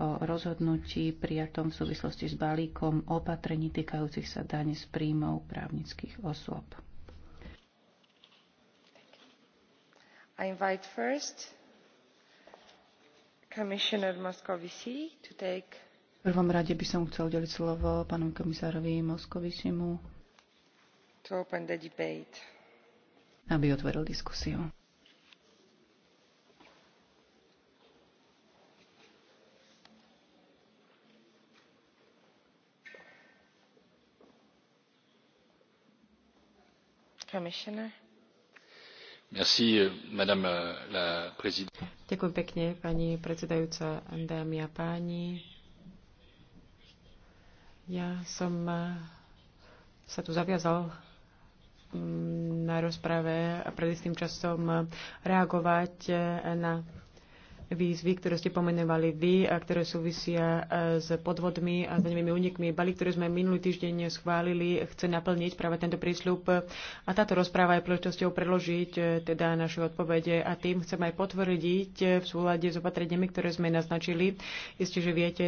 o rozhodnutí prijatom v súvislosti s balíkom opatrení týkajúcich sa dane z príjmov právnických osôb. I invite first Commissioner Moscovici to take v prvom rade by som chcel udeliť slovo pánom komisárovi Moskovisimu, aby otvoril diskusiu. Euh, euh, Ďakujem pekne, Ja som eh, sa tu zaviazal mm, na rozprave a pred istým časom eh, reagovať eh, na výzvy, ktoré ste pomenovali vy a ktoré súvisia e, s podvodmi a s daňovými únikmi. Bali, ktoré sme minulý týždeň schválili, chce naplniť práve tento prísľub a táto rozpráva je príležitosťou preložiť e, teda naše odpovede a tým chcem aj potvrdiť e, v súlade s opatreniami, ktoré sme naznačili. Isté, že viete,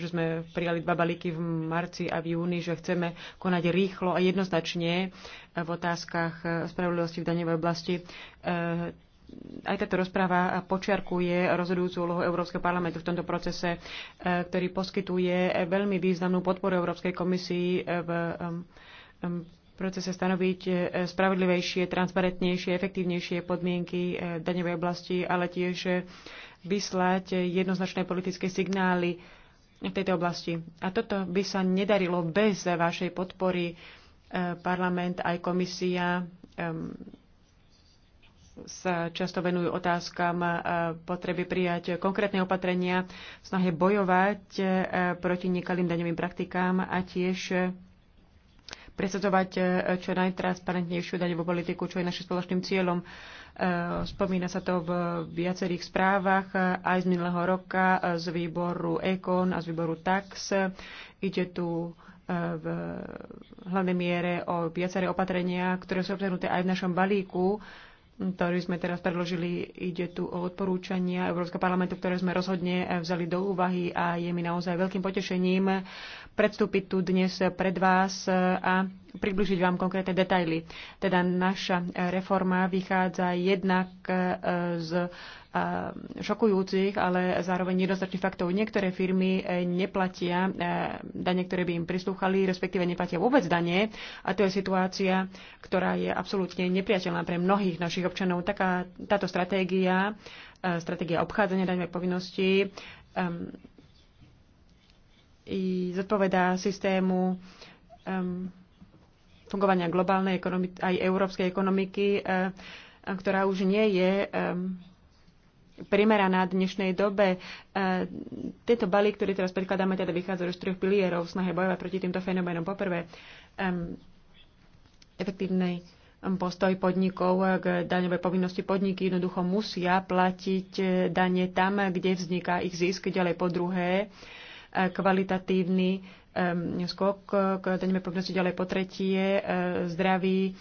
že sme prijali dva balíky v marci a v júni, že chceme konať rýchlo a jednoznačne v otázkach spravodlivosti v daňovej oblasti aj táto rozpráva počiarkuje rozhodujúcu úlohu Európskeho parlamentu v tomto procese, e, ktorý poskytuje veľmi významnú podporu Európskej komisii v e, e, procese stanoviť spravodlivejšie, transparentnejšie, efektívnejšie podmienky daňovej oblasti, ale tiež vyslať jednoznačné politické signály v tejto oblasti. A toto by sa nedarilo bez vašej podpory parlament aj komisia sa často venujú otázkam e, potreby prijať konkrétne opatrenia v snahe bojovať e, proti nekalým daňovým praktikám a tiež e, presadzovať čo najtransparentnejšiu daňovú politiku, čo je našim spoločným cieľom. Spomína sa to v viacerých správach aj z minulého roka, z výboru EKON a z výboru TAX. Ide tu v hlavnej miere o viaceré opatrenia, ktoré sú obsahnuté aj v našom balíku ktorý sme teraz predložili, ide tu o odporúčania Európskeho parlamentu, ktoré sme rozhodne eh, vzali do úvahy a je mi naozaj veľkým potešením predstúpiť tu dnes pred vás eh, a približiť vám konkrétne detaily. Teda naša eh, reforma vychádza jednak z šokujúcich, ale zároveň nedostatných faktov. Niektoré firmy e, neplatia e, dane, ktoré by im prislúchali, respektíve neplatia vôbec dane a to je situácia, ktorá je absolútne nepriateľná pre mnohých našich občanov. Taká, táto stratégia, e, stratégia obchádzania daňovej povinnosti um, i zodpovedá systému um, fungovania globálnej ekonomiky, aj európskej ekonomiky, uh, ktorá už nie je um, primeraná dnešnej dobe. E, tieto balí, ktoré teraz predkladáme, teda vychádzajú z troch pilierov v snahe bojovať proti týmto fenoménom. Poprvé, efektívnej postoj podnikov k daňovej povinnosti. Podniky jednoducho musia platiť e, dane tam, kde vzniká ich zisk. Ďalej po druhé, e, kvalitatívny skok k daňovej povinnosti. Ďalej po tretie, zdravý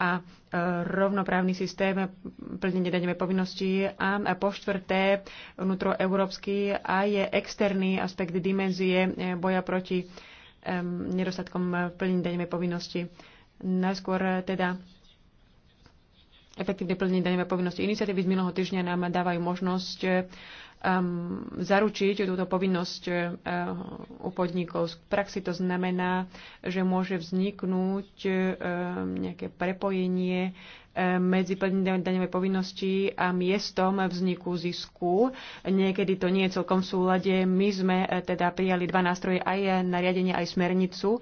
a e, rovnoprávny systém plnenie daňovej povinnosti a po štvrté vnútroeurópsky a je externý aspekt dimenzie e, boja proti e, nedostatkom plnenia daňovej povinnosti. Najskôr teda efektívne plnenie daňovej povinnosti. Iniciatívy z minulého týždňa nám dávajú možnosť um, zaručiť túto povinnosť uh, u podnikov. V praxi to znamená, že môže vzniknúť um, nejaké prepojenie uh, medzi plnením daňovej povinnosti a miestom vzniku zisku. Niekedy to nie je celkom v súlade. My sme uh, teda prijali dva nástroje, aj nariadenie, aj smernicu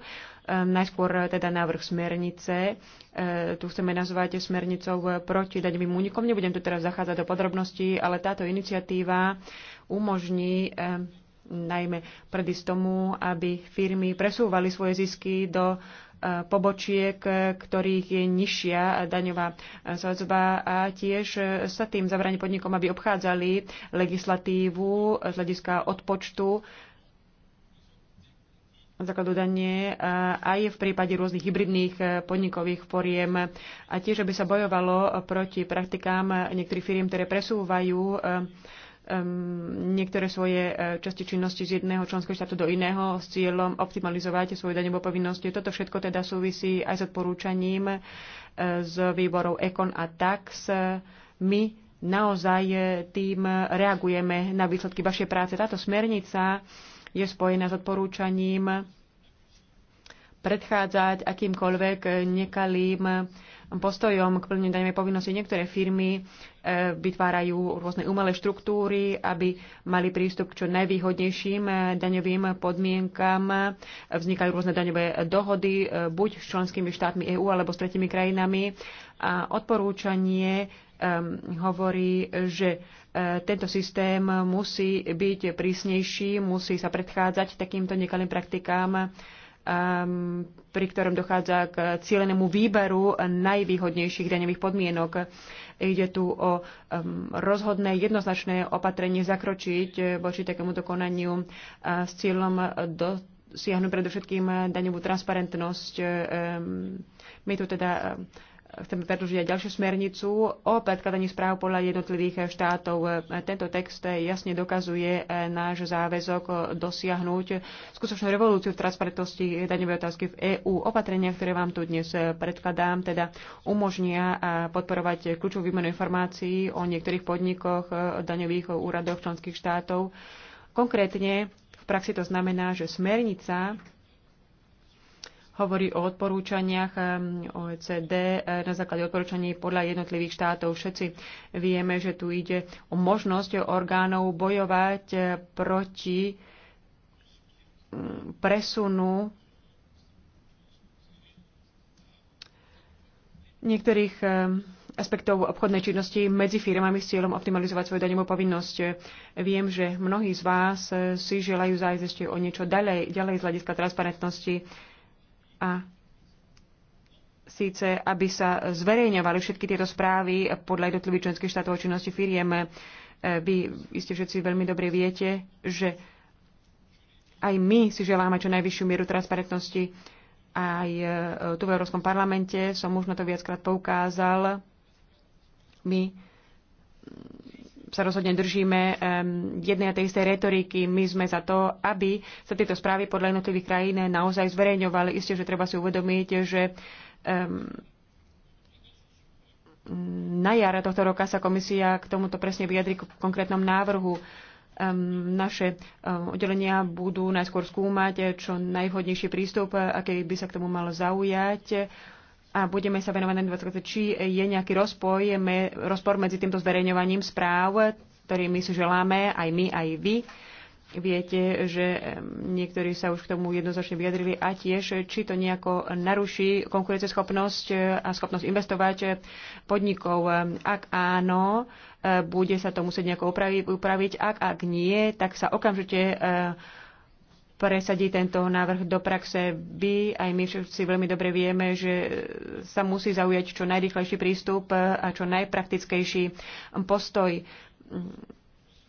Ehm, najskôr eh, teda návrh smernice. Eh, tu chceme nazvať smernicou proti daňovým únikom. Nebudem tu teraz zachádzať do podrobností, ale táto iniciatíva umožní ehm, najmä predísť tomu, aby firmy presúvali svoje zisky do eh, pobočiek, ktorých je nižšia daňová sadzba a tiež sa tým zabráni podnikom, aby obchádzali legislatívu z hľadiska odpočtu zakladodanie e, aj v prípade rôznych hybridných e, podnikových foriem a tiež, aby sa bojovalo proti praktikám niektorých firiem, ktoré presúvajú e, niektoré svoje časti činnosti z jedného členského štátu do iného s cieľom optimalizovať svoju daňovú povinnosti. Toto všetko teda súvisí aj s odporúčaním z výborov Econ a Tax. My naozaj tým reagujeme na výsledky vašej práce. Táto smernica je spojená s odporúčaním predchádzať akýmkoľvek nekalým postojom k plneniu daňovej povinnosti. Niektoré firmy e, vytvárajú rôzne umelé štruktúry, aby mali prístup k čo najvýhodnejším e, daňovým podmienkam. Vznikajú rôzne daňové dohody e, buď s členskými štátmi EÚ alebo s tretimi krajinami. A odporúčanie hovorí, že e, tento systém musí byť prísnejší, musí sa predchádzať takýmto nekalým praktikám, pri ktorom dochádza k cieľenému výberu najvýhodnejších daňových podmienok. Ide tu o rozhodné, jednoznačné opatrenie zakročiť e, voči takémuto konaniu e, s cieľom dosiahnuť predovšetkým daňovú transparentnosť. My tu teda chceme predlžiť aj ďalšiu smernicu o predkladaní správ podľa jednotlivých štátov. Tento text jasne dokazuje náš záväzok dosiahnuť skutočnú revolúciu v transparentnosti daňovej otázky v EÚ. Opatrenia, ktoré vám tu dnes predkladám, teda umožnia podporovať kľúčovú výmenu informácií o niektorých podnikoch, daňových úradoch členských štátov. Konkrétne v praxi to znamená, že smernica hovorí o odporúčaniach OECD e, na základe odporúčaní podľa jednotlivých štátov. Všetci vieme, že tu ide o možnosť orgánov bojovať e, proti mm, presunu niektorých aspektov obchodnej činnosti medzi firmami s cieľom optimalizovať svoju daňovú povinnosť. Viem, že mnohí z vás e, si želajú zájsť ešte o niečo ďalej, ďalej z hľadiska transparentnosti a síce, aby sa zverejňovali všetky tieto správy podľa jednotlivých členských štátov o činnosti firiem. E, vy iste všetci veľmi dobre viete, že aj my si želáme čo najvyššiu mieru transparentnosti. Aj e, tu v Európskom parlamente som už na to viackrát poukázal. My sa rozhodne držíme jednej a tej istej retoriky. My sme za to, aby sa tieto správy podľa jednotlivých krajín naozaj zverejňovali. Isté, že treba si uvedomiť, že na jara tohto roka sa komisia k tomuto presne vyjadri k konkrétnom návrhu. Naše oddelenia budú najskôr skúmať čo najvhodnejší prístup, aký by sa k tomu malo zaujať a budeme sa venovať na 20, či je nejaký rozpoj, rozpor medzi týmto zverejňovaním správ, ktorými si želáme aj my, aj vy. Viete, že niektorí sa už k tomu jednoznačne vyjadrili a tiež, či to nejako naruší konkurenceschopnosť e, a schopnosť investovať e, podnikov. Ak áno, e, bude sa to musieť nejako upraviť, upraviť. Ak, ak nie, tak sa okamžite presadí tento návrh do praxe. Vy aj my všetci veľmi dobre vieme, že sa musí zaujať čo najrychlejší prístup a čo najpraktickejší postoj.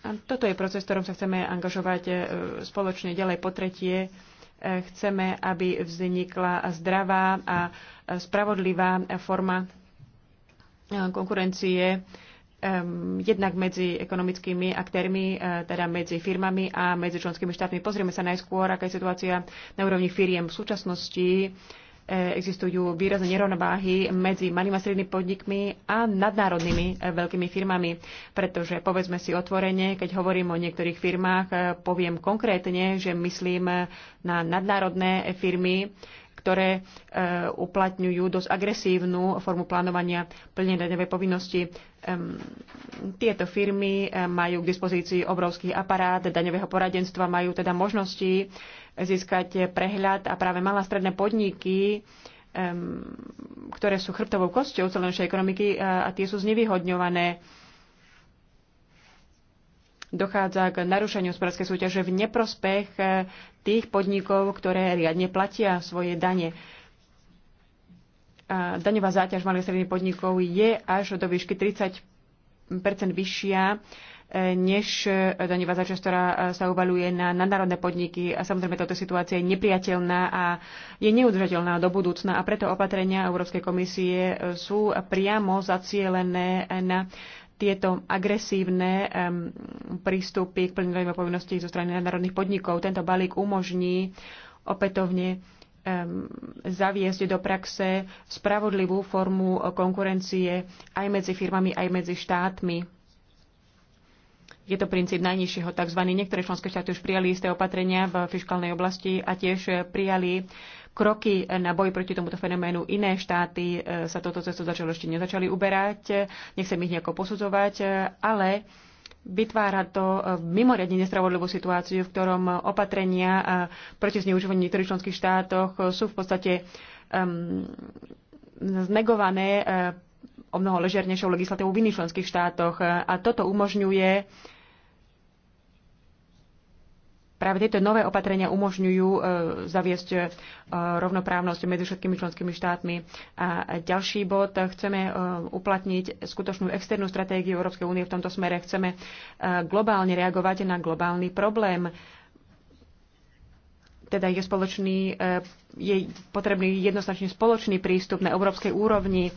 A toto je proces, v ktorom sa chceme angažovať e, spoločne ďalej po tretie. E, chceme, aby vznikla zdravá a spravodlivá forma e, konkurencie um, jednak medzi ekonomickými aktérmi, uh, teda medzi firmami a medzi členskými štátmi. Pozrieme sa najskôr, aká je situácia na úrovni firiem v súčasnosti. E, existujú výrazné nerovnováhy medzi malými a strednými podnikmi a nadnárodnými e, veľkými firmami, pretože povedzme si otvorene, keď hovorím o niektorých firmách, poviem konkrétne, že myslím na nadnárodné firmy, ktoré e, uplatňujú dosť agresívnu formu plánovania plnenia daňovej povinnosti. Tieto firmy e, majú k dispozícii obrovský aparát daňového poradenstva, majú teda možnosti získať prehľad a práve malá stredné podniky ktoré sú chrbtovou kosťou celej našej ekonomiky e, a tie sú znevýhodňované dochádza k narušeniu hospodárskej súťaže v neprospech tých podnikov, ktoré riadne platia svoje dane. A daňová záťaž malých stredných podnikov je až do výšky 30 vyššia e, než daňová záťaž, ktorá e, sa uvaluje na nadnárodné podniky. A samozrejme, táto situácia je nepriateľná a je neudržateľná do budúcna a preto opatrenia Európskej komisie e, sú priamo zacielené na tieto agresívne prístupy k plneniu povinností zo strany nadnárodných podnikov. Tento balík umožní opätovne zaviesť do praxe spravodlivú formu konkurencie aj medzi firmami, aj medzi štátmi je to princíp najnižšieho tzv. Niektoré členské štáty už prijali isté opatrenia v fiskálnej oblasti a tiež eh, prijali kroky eh, na boj proti tomuto fenoménu. Iné štáty eh, sa toto cestu začalo ešte nezačali uberať, nechcem ich nejako posudzovať, ale vytvára to mimoriadne nespravodlivú situáciu, v ktorom opatrenia proti zneužívaniu niektorých členských štátoch sú v podstate um, znegované um, o mnoho ležernejšou legislatívou v iných členských štátoch. A toto umožňuje Práve tieto nové opatrenia umožňujú e, zaviesť e, rovnoprávnosť medzi všetkými členskými štátmi. A ďalší bod, chceme e, uplatniť skutočnú externú stratégiu Európskej únie v tomto smere. Chceme globálne reagovať na globálny problém teda je spoločný, je potrebný jednoznačne spoločný prístup na európskej úrovni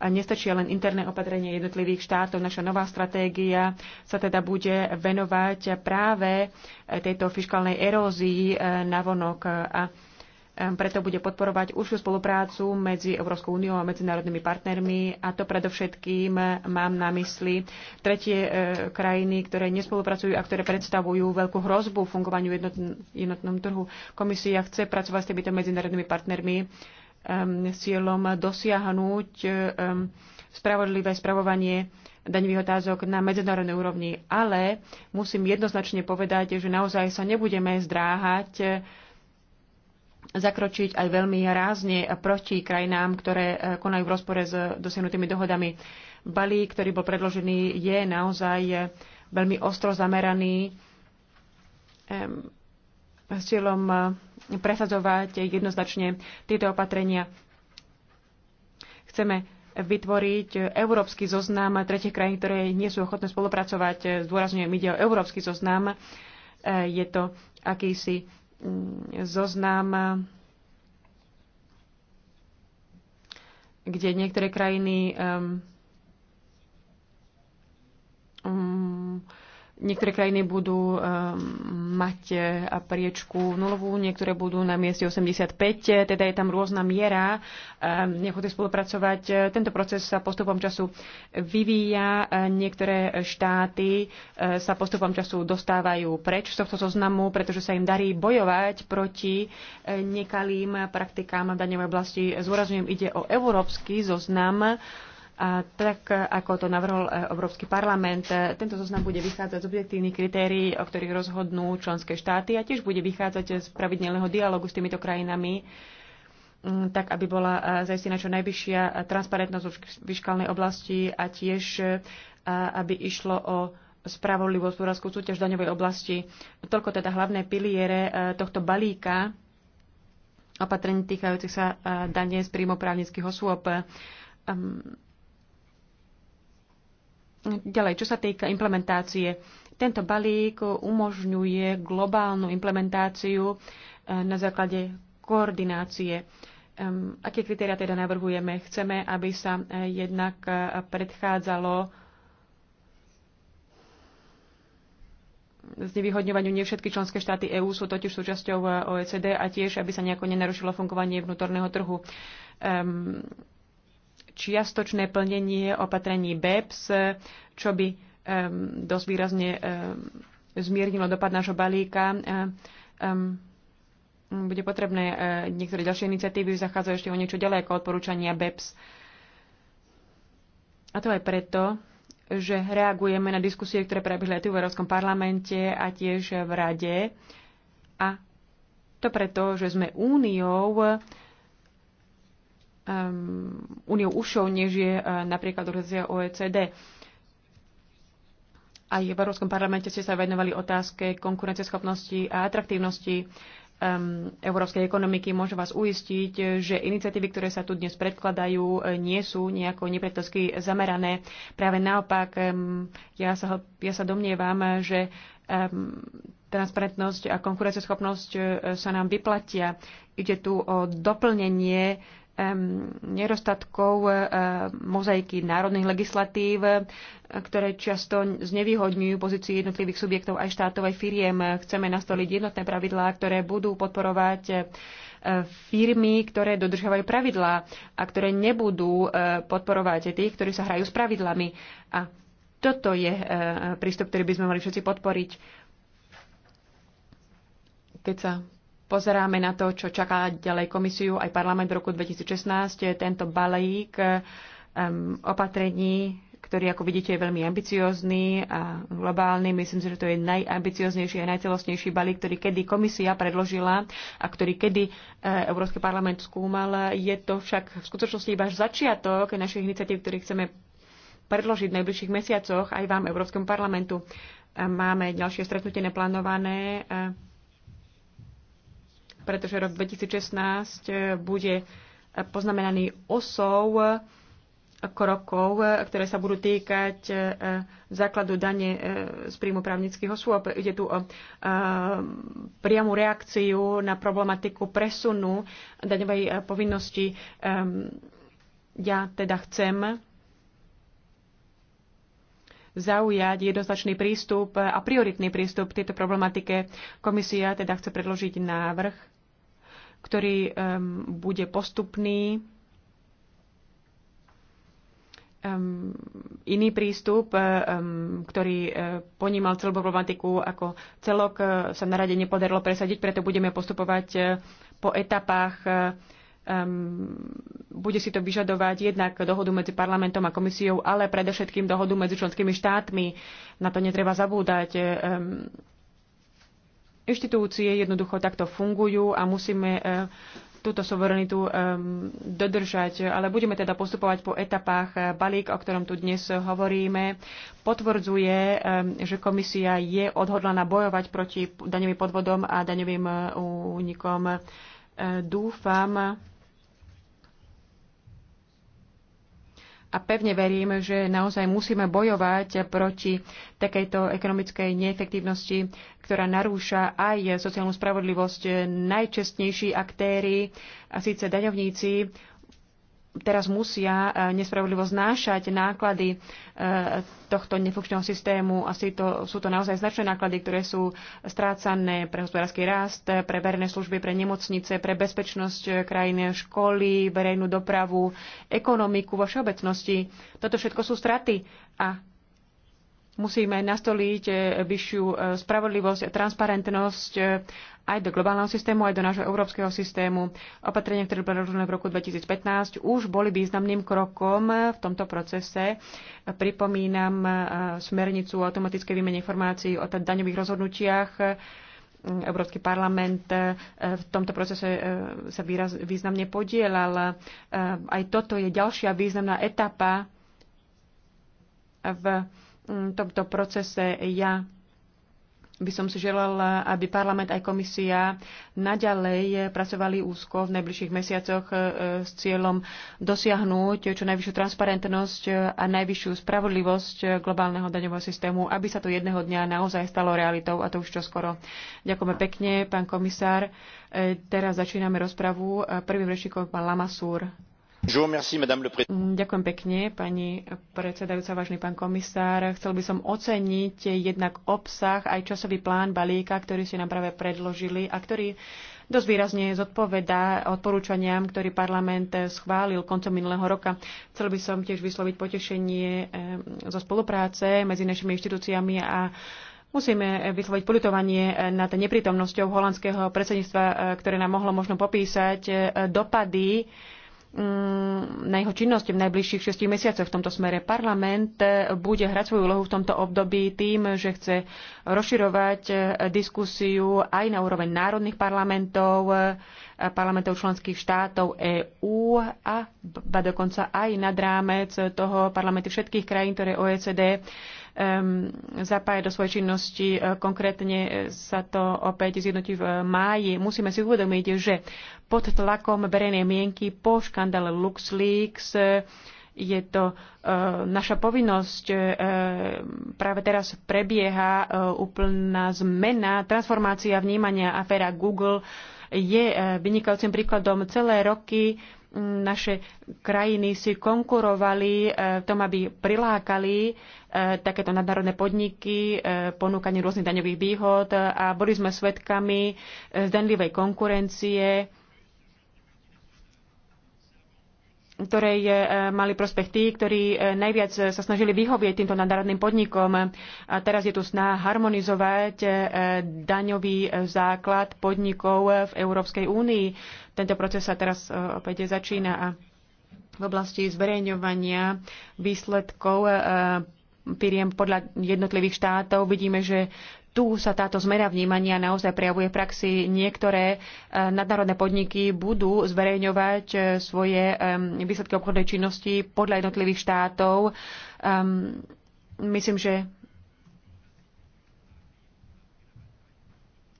a nestačia len interné opatrenie jednotlivých štátov. Naša nová stratégia sa teda bude venovať práve tejto fiskálnej erózii eh, navonok a eh, preto bude podporovať užšiu spoluprácu medzi Európskou úniou a medzinárodnými partnermi a to predovšetkým eh, mám na mysli tretie krajiny, ktoré nespolupracujú a ktoré predstavujú veľkú hrozbu fungovaniu jednotn- jednotnom trhu. Komisia chce pracovať s týmito medzinárodnými partnermi Um, cieľom dosiahnuť um, spravodlivé spravovanie daňových otázok na medzinárodnej úrovni. Ale musím jednoznačne povedať, že naozaj sa nebudeme zdráhať uh, zakročiť aj veľmi rázne proti krajinám, ktoré uh, konajú v rozpore s dosiahnutými dohodami. Balík, ktorý bol predložený, je naozaj uh, veľmi ostro zameraný um, s cieľom presadzovať jednoznačne tieto opatrenia. Chceme vytvoriť európsky zoznam tretich krajín, ktoré nie sú ochotné spolupracovať. Zdôrazňujem, ide o európsky zoznam. Je to akýsi mm, zoznam, kde niektoré krajiny um, um, Niektoré krajiny budú ehm, mať e, priečku nulovú, niektoré budú na mieste 85, e, teda je tam rôzna miera ehm, nechoty spolupracovať. E, tento proces sa postupom času vyvíja, niektoré štáty sa postupom času dostávajú preč z tohto zoznamu, pretože sa im darí bojovať proti nekalým praktikám v danej oblasti. Zúrazňujem, ide o európsky zoznam a tak, ako to navrhol e, Európsky parlament, e, tento zoznam bude vychádzať z objektívnych kritérií, o ktorých rozhodnú členské štáty a tiež bude vychádzať z pravidelného dialogu s týmito krajinami, mm, tak aby bola e, zaistená čo najvyššia transparentnosť v vyškalnej oblasti a tiež aby išlo o spravodlivú hospodárskú súťaž v daňovej oblasti. Toľko teda hlavné piliere tohto balíka opatrení týkajúcich sa dane z príjmu právnických osôb ehm, Ďalej, čo sa týka implementácie. Tento balík umožňuje globálnu implementáciu eh, na základe koordinácie. Aké kritéria teda navrhujeme? Chceme, aby sa eh, jednak eh, predchádzalo znevýhodňovaniu nie všetky členské štáty EÚ sú totiž súčasťou OECD a tiež, aby sa nejako nenarušilo fungovanie vnútorného trhu čiastočné plnenie opatrení BEPS, čo by um, dosť výrazne um, zmiernilo dopad nášho balíka. Um, bude potrebné uh, niektoré ďalšie iniciatívy zachádzajú ešte o niečo ďalej ako odporúčania BEPS. A to aj preto, že reagujeme na diskusie, ktoré prebehli aj tu v Európskom parlamente a tiež v Rade. A to preto, že sme úniou, Um, úniou ušou, než je uh, napríklad organizácia OECD. Aj v Európskom parlamente ste sa venovali otázke konkurenceschopnosti a atraktívnosti um, európskej ekonomiky. Môžem vás uistiť, že iniciatívy, ktoré sa tu dnes predkladajú, uh, nie sú nejako nepriateľsky zamerané. Práve naopak, um, ja, sa, ja sa domnievam, že um, transparentnosť a konkurenceschopnosť uh, sa nám vyplatia. Ide tu o doplnenie nedostatkov e, mozaiky národných legislatív, e, ktoré často znevýhodňujú pozíciu jednotlivých subjektov aj štátov, aj firiem. Chceme nastoliť jednotné pravidlá, ktoré budú podporovať e, firmy, ktoré dodržiavajú pravidlá a ktoré nebudú podporovať tých, ktorí sa hrajú s pravidlami. A toto je prístup, ktorý by sme mali všetci podporiť. Keď sa pozeráme na to, čo čaká ďalej komisiu aj parlament v roku 2016. Tento balík um, opatrení, ktorý, ako vidíte, je veľmi ambiciózny a globálny. Myslím si, že to je najambicioznejší a najcelostnejší balík, ktorý kedy komisia predložila a ktorý kedy e, Európsky parlament skúmal. Je to však v skutočnosti iba začiatok našich iniciatív, ktoré chceme predložiť v najbližších mesiacoch aj vám, Európskemu parlamentu. Máme ďalšie stretnutie neplánované e, pretože rok 2016 eh, bude eh, poznamenaný osou eh, krokov, ktoré sa budú týkať základu dane z príjmu právnických osôb. Ide tu o priamu reakciu na problematiku presunu daňovej povinnosti. Ehm, ja teda chcem zaujať jednoznačný prístup a prioritný prístup k tejto problematike. Komisia teda chce predložiť návrh ktorý bude postupný. iný prístup, eh, ktorý eh, ponímal celú problematiku ako celok, eh, sa na rade nepodarilo presadiť, preto budeme postupovať po etapách um, bude si to vyžadovať jednak dohodu medzi parlamentom a komisiou, ale predovšetkým dohodu medzi členskými štátmi. Na to netreba zabúdať. Um, Inštitúcie jednoducho takto fungujú a musíme e, túto suverenitu e, dodržať, ale budeme teda postupovať po etapách. E, balík, o ktorom tu dnes hovoríme, potvrdzuje, že komisia je odhodlaná bojovať proti daňovým podvodom a daňovým únikom. Dúfam, a pevne verím, že naozaj musíme bojovať proti takejto ekonomickej neefektívnosti, ktorá narúša aj sociálnu spravodlivosť. Najčestnejší aktéry, a síce daňovníci, teraz musia e, nespravodlivo znášať náklady e, tohto nefunkčného systému. Asi to, sú to naozaj značné náklady, ktoré sú strácané pre hospodársky rast, pre verejné služby, pre nemocnice, pre bezpečnosť e, krajiny, školy, verejnú dopravu, ekonomiku vo všeobecnosti. Toto všetko sú straty a Musíme nastoliť eh, vyššiu eh, spravodlivosť, a transparentnosť eh, aj do globálneho systému, aj do nášho európskeho systému. Opatrenia, ktoré boli rozhodnuté v roku 2015, už boli významným krokom v tomto procese. Pripomínam smernicu o automatickej výmene informácií o daňových rozhodnutiach, mm, Európsky parlament v tomto procese sa výraz, významne podielal. Aj toto je ďalšia významná etapa v Mm, tomto procese ja by som si želala, aby parlament aj komisia naďalej pracovali úzko v najbližších mesiacoch e, s cieľom dosiahnuť čo najvyššiu transparentnosť a najvyššiu spravodlivosť globálneho daňového systému, aby sa to jedného dňa naozaj stalo realitou a to už čoskoro. Ďakujeme pekne, pán komisár. E, teraz začíname rozpravu. E, prvým rečníkom pán Lamasúr. Ďakujem pekne, pani predsedajúca, vážny pán komisár. Chcel by som oceniť jednak obsah aj časový plán balíka, ktorý ste nám práve predložili a ktorý dosť výrazne zodpovedá odporúčaniam, ktorý parlament schválil koncom minulého roka. Chcel by som tiež vysloviť potešenie eh, zo spolupráce medzi našimi inštitúciami a Musíme vysloviť politovanie eh, nad neprítomnosťou holandského predsedníctva, eh, ktoré nám mohlo možno popísať dopady na jeho činnosti v najbližších 6 mesiacoch v tomto smere. Parlament eh, bude hrať svoju úlohu v tomto období tým, že chce rozširovať eh, diskusiu aj na úroveň národných parlamentov, eh, parlamentov členských štátov EÚ a dokonca aj nad rámec toho parlamenty všetkých krajín, ktoré OECD zapája do svojej činnosti. E, konkrétne e, sa to opäť zjednotí v e, máji. Musíme si uvedomiť, že pod tlakom verejnej mienky po škandále LuxLeaks je to naša povinnosť. práve teraz prebieha úplná zmena, transformácia vnímania aféra Google je vynikajúcim príkladom celé roky naše krajiny si konkurovali e, v tom, aby prilákali e, takéto nadnárodné podniky, e, ponúkanie rôznych daňových výhod a boli sme svedkami zdanlivej konkurencie ktorej e, mali prospech tí, ktorí e, najviac sa snažili vyhovieť týmto nadárodným podnikom. A teraz je tu snaha harmonizovať e, daňový základ podnikov v Európskej únii. Tento proces sa teraz opäť začína a v oblasti zverejňovania výsledkov firiem podľa jednotlivých štátov. Vidíme, že tu sa táto zmena vnímania naozaj prejavuje v praxi. Niektoré e, nadnárodné podniky budú zverejňovať e, svoje e, výsledky obchodnej činnosti podľa jednotlivých štátov. Ehm, myslím, že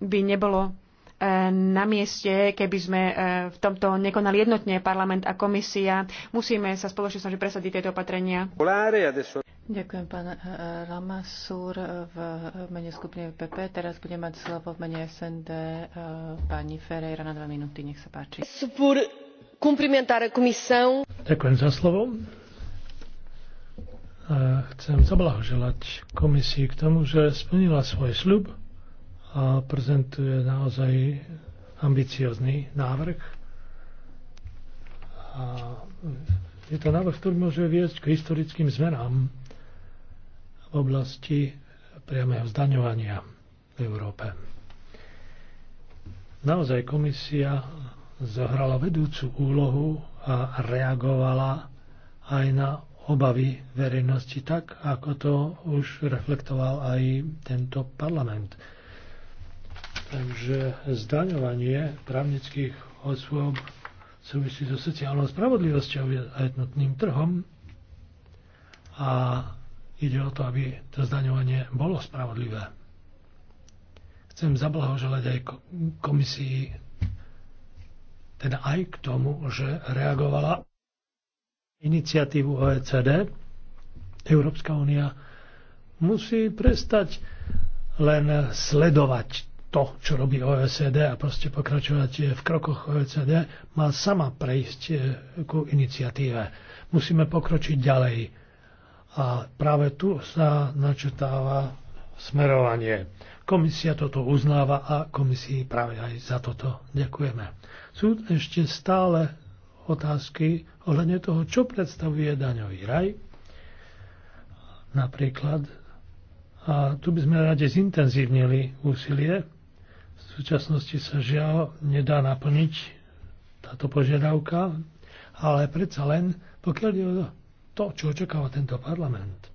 by nebolo na mieste, keby sme v tomto nekonali jednotne parlament a komisia. Musíme sa spoločne snažiť presadiť tieto opatrenia. Ďakujem, pán eh, Ramasur V mene skupiny PP teraz bude mať slovo v mene SND eh, pani Ferreira na dva minúty. Nech sa páči. Ďakujem za slovo. A chcem zablahoželať komisii k tomu, že splnila svoj sľub a prezentuje naozaj ambiciozný návrh. A je to návrh, ktorý môže viesť k historickým zmenám v oblasti priameho zdaňovania v Európe. Naozaj komisia zohrala vedúcu úlohu a reagovala aj na obavy verejnosti tak, ako to už reflektoval aj tento parlament. Takže zdaňovanie právnických osôb súvisí so sociálnou spravodlivosťou a jednotným trhom a Ide o to, aby to zdaňovanie bolo spravodlivé. Chcem zablahoželať aj komisii, teda aj k tomu, že reagovala iniciatívu OECD. Európska únia musí prestať len sledovať to, čo robí OECD a proste pokračovať v krokoch OECD, má sama prejsť eh, ku iniciatíve. Musíme pokročiť ďalej. A práve tu sa načetáva smerovanie. Komisia toto uznáva a komisii práve aj za toto ďakujeme. Sú ešte stále otázky ohľadne toho, čo predstavuje daňový raj. Napríklad, a tu by sme rade zintenzívnili úsilie, v súčasnosti sa žiaľ nedá naplniť táto požiadavka, ale predsa len, pokiaľ je o to, čo očakáva tento parlament.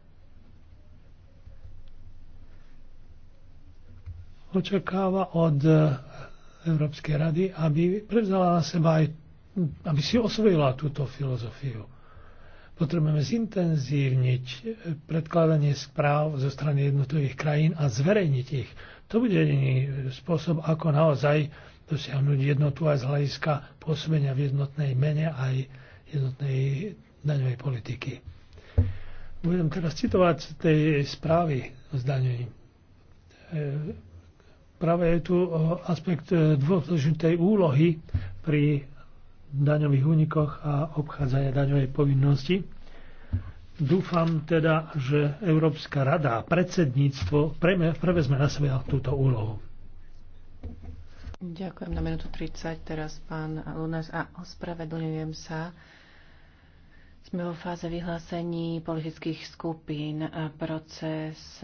Očakáva od e, Európskej rady, aby prevzala na seba aj, aby si osvojila túto filozofiu. Potrebujeme zintenzívniť e, predkladanie správ zo strany jednotlivých krajín a zverejniť ich. To bude jediný e, spôsob, ako naozaj dosiahnuť jednotu aj z hľadiska pôsobenia v jednotnej mene aj jednotnej daňovej politiky. Budem teraz citovať z tej správy o zdaňení. E, práve je tu aspekt e, dôležitej úlohy pri daňových únikoch a obchádzania daňovej povinnosti. Dúfam teda, že Európska rada a predsedníctvo prevezme na seba túto úlohu. Ďakujem na minútu 30. Teraz pán Lunas a ospravedlňujem sa sme vo fáze vyhlásení politických skupín. Proces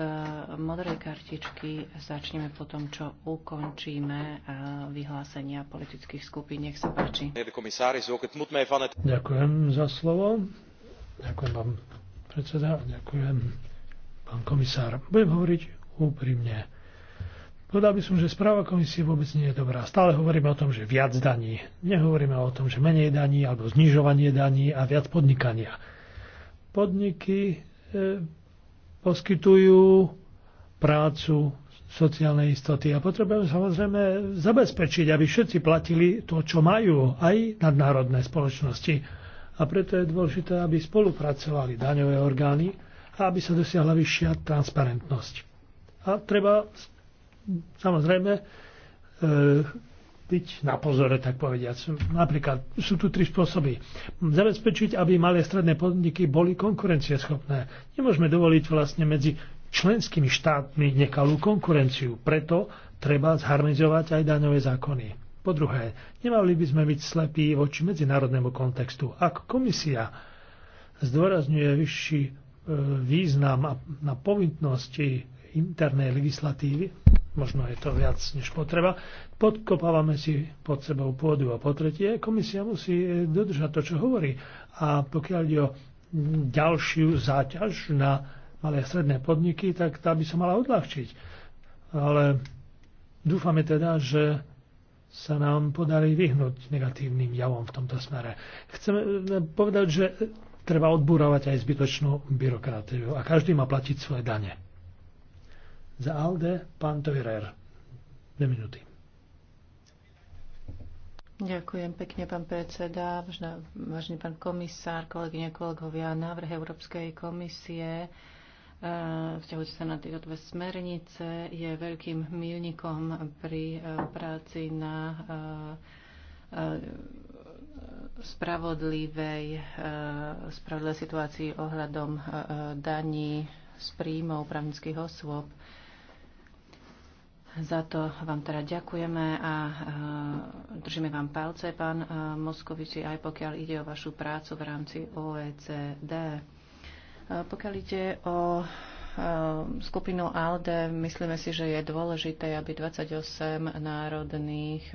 modrej kartičky začneme po tom, čo ukončíme vyhlásenia politických skupín. Nech sa páči. Ďakujem za slovo. Ďakujem vám, predseda. Ďakujem, pán komisár. Budem hovoriť úprimne. Povedal by som, že správa komisie vôbec nie je dobrá. Stále hovoríme o tom, že viac daní. Nehovoríme o tom, že menej daní alebo znižovanie daní a viac podnikania. Podniky e, poskytujú prácu sociálnej istoty a potrebujeme samozrejme zabezpečiť, aby všetci platili to, čo majú, aj nadnárodné spoločnosti. A preto je dôležité, aby spolupracovali daňové orgány a aby sa dosiahla vyššia transparentnosť. A treba samozrejme e, byť na pozore, tak povediať. Napríklad sú tu tri spôsoby. Zabezpečiť, aby malé stredné podniky boli konkurencieschopné. Nemôžeme dovoliť vlastne medzi členskými štátmi nekalú konkurenciu. Preto treba zharmonizovať aj daňové zákony. Po druhé, nemali by sme byť slepí voči medzinárodnému kontextu. Ak komisia zdôrazňuje vyšší e, význam na povinnosti internej legislatívy, možno je to viac než potreba, podkopávame si pod sebou pôdu. A po tretie, komisia musí e, dodržať to, čo hovorí. A pokiaľ ide o ďalšiu záťaž na malé a stredné podniky, tak tá by sa mala odľahčiť. Ale dúfame teda, že sa nám podarí vyhnúť negatívnym javom v tomto smere. Chcem e, povedať, že treba odbúravať aj zbytočnú byrokratiu a každý má platiť svoje dane. Za ALDE Pantoirer. Dve minúty. Ďakujem pekne, pán predseda, vážený pán komisár, kolegyne, kolegovia. Návrh Európskej komisie eh, vzťahujúci sa na tieto dve smernice, je veľkým milníkom pri eh, práci na eh, spravodlivej, spravodlivej situácii ohľadom daní z príjmov právnických osôb. Za to vám teda ďakujeme a e, držíme vám palce, pán e, Moskoviči, aj pokiaľ ide o vašu prácu v rámci OECD. E, pokiaľ ide o skupinu ALDE, myslíme si, že je dôležité, aby 28 národných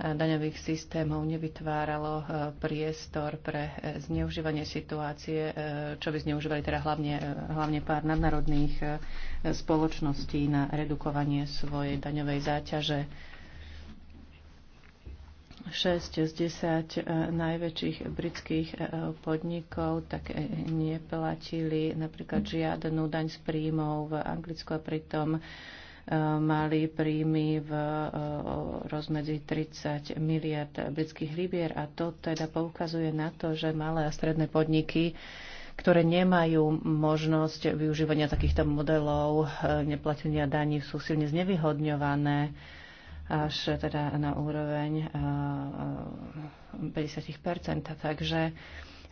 daňových systémov nevytváralo e, priestor pre e, zneužívanie situácie, e, čo by zneužívali teda hlavne, hlavne pár nadnárodných spoločností na redukovanie svojej daňovej záťaže. 6 z 10 najväčších britských podnikov tak neplatili napríklad žiadnu daň z príjmov v Anglicku a pritom mali príjmy v eh, rozmedzi 30 miliard britských libier a to teda poukazuje na to, že malé a stredné podniky ktoré nemajú možnosť využívania takýchto modelov eh, neplatenia daní, sú silne znevýhodňované až teda na úroveň 50 eh, Takže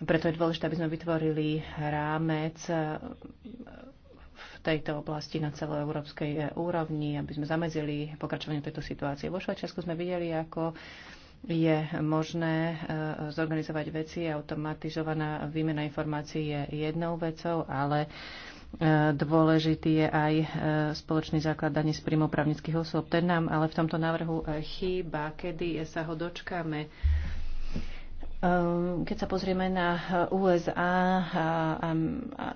preto je dôležité, aby sme vytvorili rámec tejto oblasti na celoeurópskej eh, úrovni, aby sme zamedzili pokračovanie tejto situácie. Vo Švajčiarsku sme videli, ako je možné eh, zorganizovať veci. Automatizovaná výmena informácií je jednou vecou, ale eh, dôležitý je aj spoločný základ daní z príjmov právnických osôb. Ten nám ale v tomto návrhu chýba, kedy sa ho dočkáme. Ehm, keď sa pozrieme na eh, USA a,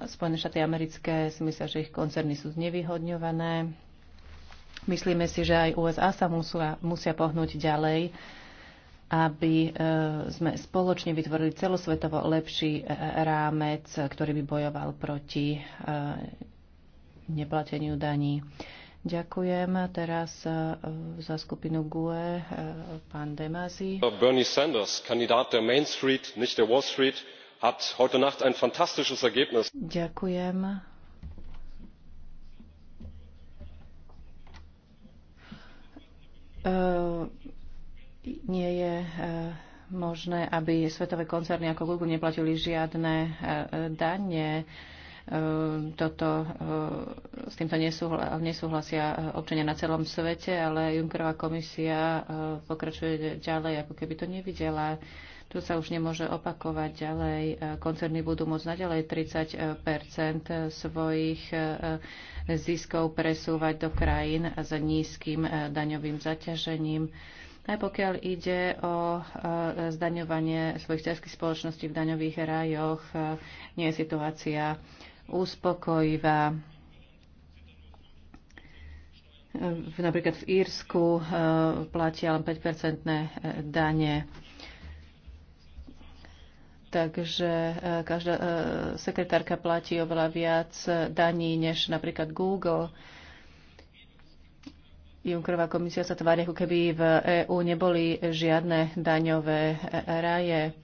Spojené štáty americké, si myslia, že ich koncerny sú znevýhodňované. Myslíme si, že aj USA sa musia, musia pohnúť ďalej, aby eh, sme spoločne vytvorili celosvetovo lepší eh, rámec, ktorý by bojoval proti neplateniu daní. Ďakujem. Teraz e, za skupinu GUE e, pán Demasi. Äh, Bernie Sanders, kandidát der Main Street, nicht der Wall Street, hat heute Nacht ein fantastisches Ergebnis. Ďakujem. Uh, nie je uh, možné, aby svetové koncerny ako Google neplatili žiadne dane. Ehm, toto, ehm, s týmto nesúhlasia eh, občania na celom svete, ale Junckerová komisia eh, pokračuje ďalej, ako keby to nevidela. Tu sa už nemôže opakovať ďalej. Eh, koncerny budú môcť naďalej 30 svojich ziskov presúvať do krajín s nízkym daňovým zaťažením. Aj pokiaľ ide o zdaňovanie svojich cerských spoločností v daňových rajoch, nie je situácia uspokojivá. Napríklad v Írsku eh, platia len 5-percentné eh, dane. Takže eh, každá sekretárka platí oveľa viac daní než napríklad Google. Junckerová komisia sa tvári, ako keby v EÚ neboli žiadne daňové raje.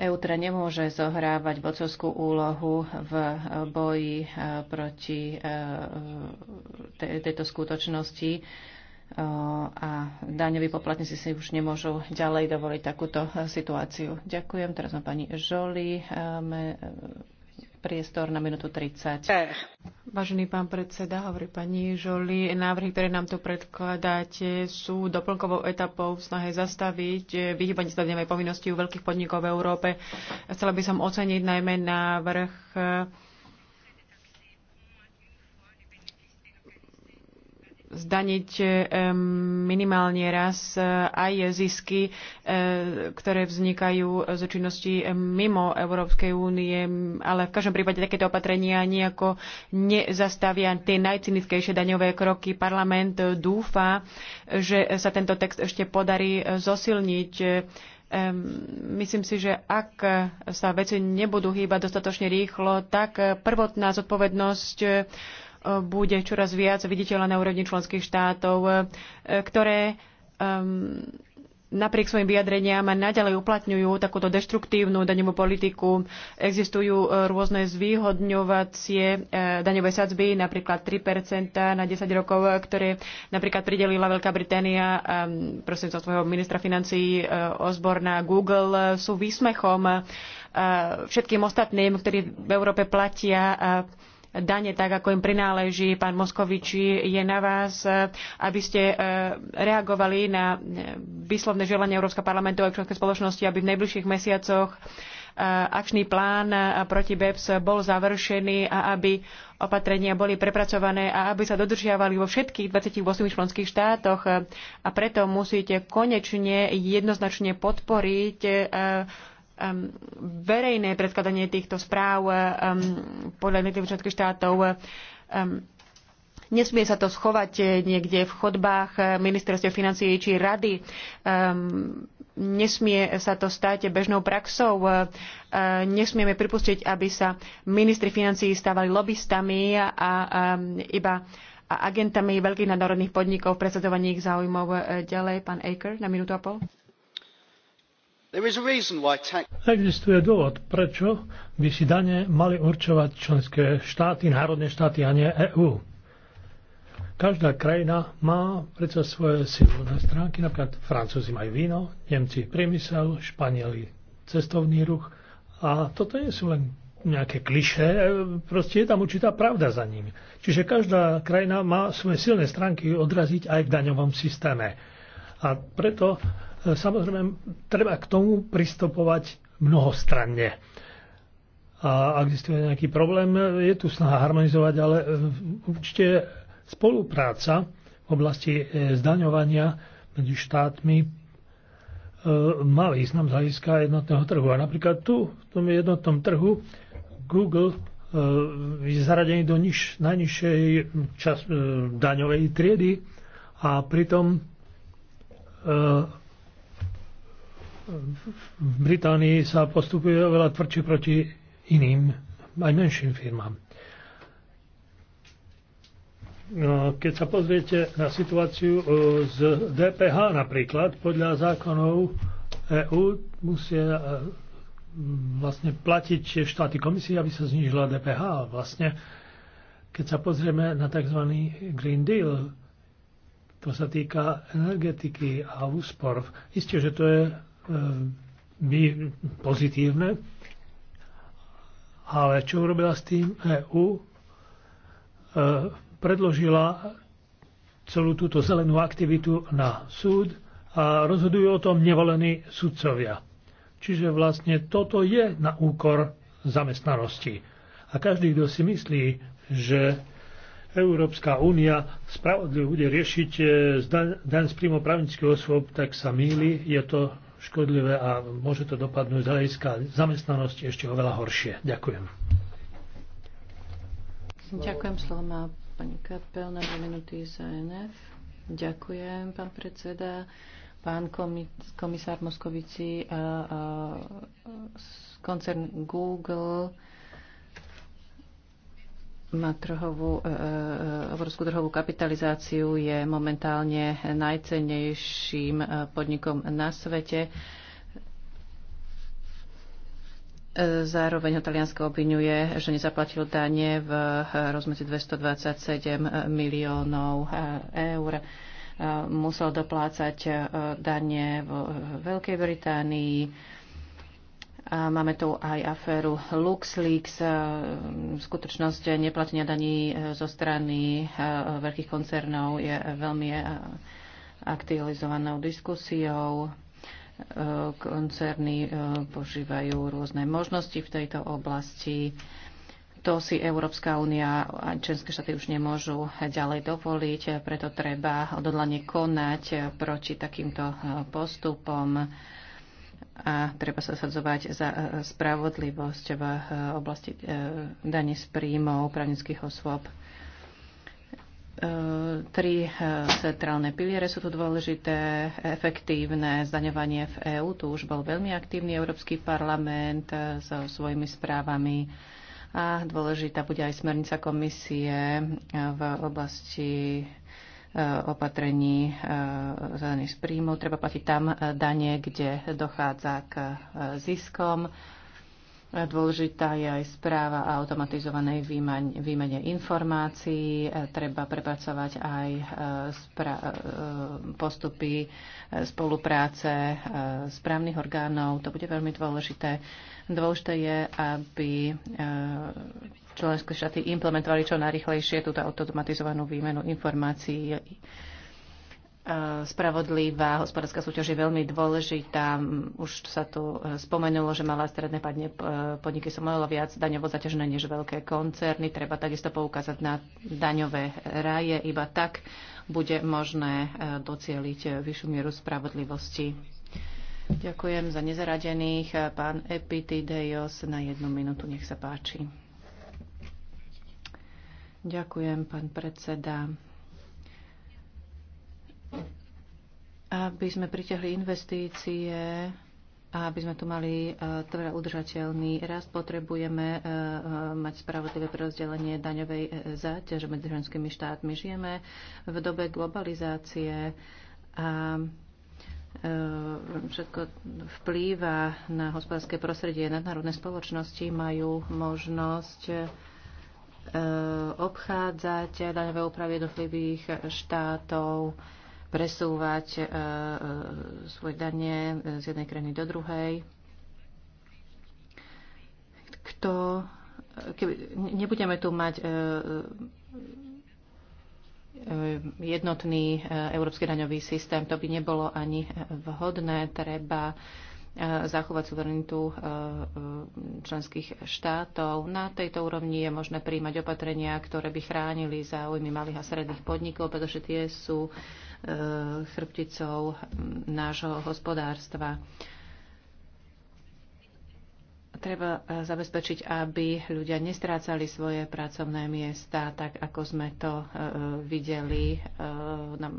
EU teda nemôže zohrávať vocovskú úlohu v eh, boji eh, proti eh, tejto skutočnosti a daňoví poplatníci si už nemôžu ďalej dovoliť takúto situáciu. Ďakujem. Teraz má pani Žoli priestor na minútu 30. Eh. Vážený pán predseda, hovorí pani Žoli, návrhy, ktoré nám tu predkladáte, sú doplnkovou etapou v snahe zastaviť eh, vyhýbanie sa povinnosti u veľkých podnikov v Európe. Chcela by som oceniť najmä návrh eh, zdaniť eh, minimálne raz eh, aj zisky, eh, ktoré vznikajú z činnosti mimo Európskej únie, ale v každom prípade takéto opatrenia nejako nezastavia tie najcynickejšie daňové kroky. Parlament dúfa, že sa tento text ešte podarí zosilniť myslím si, že ak sa veci nebudú hýbať dostatočne rýchlo, tak prvotná zodpovednosť bude čoraz viac viditeľa na úrovni členských štátov, e, ktoré napriek svojim vyjadreniam naďalej uplatňujú takúto deštruktívnu daňovú politiku. Existujú e, rôzne zvýhodňovacie e, daňové sadzby, napríklad 3% na 10 rokov, ktoré napríklad pridelila Veľká Británia prosím sa svojho ministra financií Osborna Google sú výsmechom všetkým ostatným, ktorí v Európe platia dane tak, ako im prináleží. Pán Moskoviči, je na vás, e, aby ste e, reagovali na e, výslovné želanie Európskeho parlamentu a občianskej spoločnosti, aby v najbližších mesiacoch akčný plán proti BEPS bol završený a aby opatrenia boli prepracované a aby sa dodržiavali vo všetkých 28 členských štátoch. A preto musíte konečne jednoznačne podporiť verejné predkladanie týchto správ podľa jednotlivých členských štátov. Nesmie sa to schovať eh, niekde v chodbách eh, ministerstva financií či rady. Nesmie sa to stať bežnou praxou. Eh, nesmieme pripustiť, aby sa ministri financií stávali lobbystami a iba a agentami veľkých nadnárodných podnikov v presadzovaní ich záujmov. Ďalej, pán Aker, na minútu a pol. Existuje dôvod, prečo by si dane mali určovať členské štáty, národné štáty a nie EÚ. Každá krajina má predsa svoje silné stránky, napríklad Francúzi majú víno, Nemci priemysel, Španieli cestovný ruch a toto nie sú len nejaké kliše, proste je tam určitá pravda za nimi. Čiže každá krajina má svoje silné stránky odraziť aj v daňovom systéme. A preto Samozrejme, treba k tomu pristupovať mnohostranne. A ak existuje nejaký problém, je tu snaha harmonizovať, ale určite spolupráca v oblasti e, zdaňovania medzi štátmi e, má význam z hľadiska jednotného trhu. A napríklad tu, v tom jednotnom trhu, Google e, je zaradený do niž, najnižšej čas, daňovej triedy a pritom v Británii sa postupuje oveľa tvrdšie proti iným, aj menším firmám. No, keď sa pozriete na situáciu e, z DPH napríklad, podľa zákonov EÚ musia e, vlastne platiť štáty komisie, aby sa znižila DPH. Vlastne, keď sa pozrieme na tzv. Green Deal, to sa týka energetiky a úspor. Isté, že to je by e, pozitívne, ale čo urobila s tým EU? E, predložila celú túto zelenú aktivitu na súd a rozhodujú o tom nevolení sudcovia. Čiže vlastne toto je na úkor zamestnanosti. A každý, kto si myslí, že Európska únia spravodlivo bude riešiť e, daň z príjmu právnických osôb, tak sa míli. Je to škodlivé a môže to dopadnúť z hľadiska zamestnanosti ešte oveľa horšie. Ďakujem. Ďakujem, slovo má pani Kapel na dve minúty za NF. Ďakujem, pán predseda. Pán komis- komisár Moskovici, a, a, a koncern Google má trhovú, e, e, obrovskú trhovú kapitalizáciu, je momentálne najcennejším e, podnikom na svete. Zároveň ho Taliansko obvinuje, že nezaplatil dane v rozmedzi 227 miliónov eur. Musel doplácať dane v Veľkej Británii, a máme tu aj aféru LuxLeaks, e, skutočnosť neplatenia daní e, zo strany e, veľkých koncernov je veľmi aktualizovanou diskusiou. Koncerny požívajú rôzne možnosti v tejto oblasti. To si Európska únia a členské štáty už nemôžu ďalej dovoliť, preto treba odhodlanie konať proti takýmto postupom a treba sa sadzovať za e, spravodlivosť v e, oblasti e, daní z príjmov právnických osôb. Tri centrálne piliere sú tu dôležité. Efektívne zdaňovanie v EÚ. Tu už bol veľmi aktívny Európsky parlament so svojimi správami. A dôležitá bude aj smernica komisie v oblasti Eh, opatrení eh, zelených z príjmov. Treba platiť tam eh, dane, kde dochádza k ziskom Dôležitá je aj správa o automatizovanej výmene informácií. Treba prepracovať aj e, e, postupy e, spolupráce správnych orgánov. To bude veľmi dôležité. Dôležité je, aby členské štáty implementovali čo najrychlejšie túto automatizovanú výmenu informácií E, spravodlivá hospodárska súťaž je veľmi dôležitá. Už sa tu e, spomenulo, že malé a stredné padne e, podniky sú mnoho viac daňovo zaťažené než veľké koncerny. Treba takisto poukázať na daňové raje. Iba tak bude možné docieliť vyššiu mieru spravodlivosti. Ďakujem za nezaradených. Pán Epitideios na jednu minútu, nech sa páči. Ďakujem, pán predseda. aby sme priťahli investície a aby sme tu mali teda udržateľný rast, potrebujeme e, e, mať spravodlivé prerozdelenie daňovej záťaže medzi ženskými štátmi. Žijeme v dobe globalizácie a všetko vplýva na hospodárske prostredie. Nadnárodné spoločnosti majú možnosť obchádzať daňové úpravy jednotlivých štátov, presúvať e, e, svoje danie e, z jednej krajiny do druhej. Kto, keby, nebudeme tu mať jednotný európsky daňový systém, to by nebolo ani vhodné. Treba zachovať suverenitu členských štátov. Na tejto úrovni je možné príjmať opatrenia, ktoré by chránili záujmy malých a stredných podnikov, pretože tie sú Eh, chrbticou nášho hospodárstva. Treba eh, zabezpečiť, aby ľudia nestrácali svoje pracovné miesta, tak ako sme to eh, videli na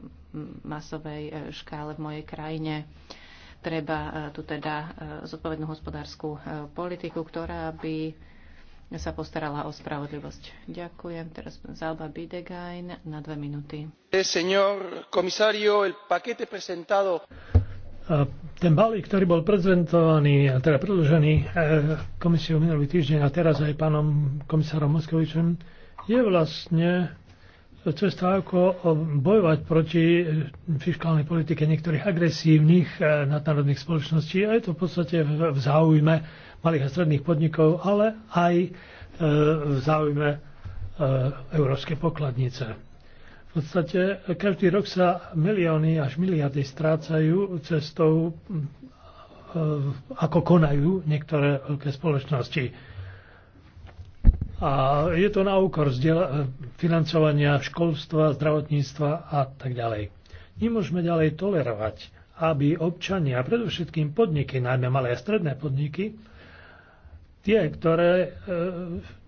masovej škále v mojej krajine treba tu teda zodpovednú hospodárskú politiku, ktorá by sa postarala o spravodlivosť. Ďakujem. Teraz Zalba Bidegain na dve minúty. Eh, ten balík, ktorý bol prezentovaný, teda predložený eh, komisiou minulý týždeň a teraz aj pánom komisárom Moskovičom, je vlastne cesta, ako bojovať proti eh, fiskálnej politike niektorých agresívnych nadnárodných spoločností a je to v podstate v záujme malých a stredných podnikov, ale aj e, v záujme e, európskej pokladnice. V podstate e, každý rok sa milióny až miliardy strácajú cestou, ako konajú niektoré veľké spoločnosti. A je to na úkor financovania školstva, zdravotníctva a tak ďalej. Nemôžeme ďalej tolerovať, aby občania, predovšetkým podniky, najmä malé a stredné podniky, tie, ktoré e,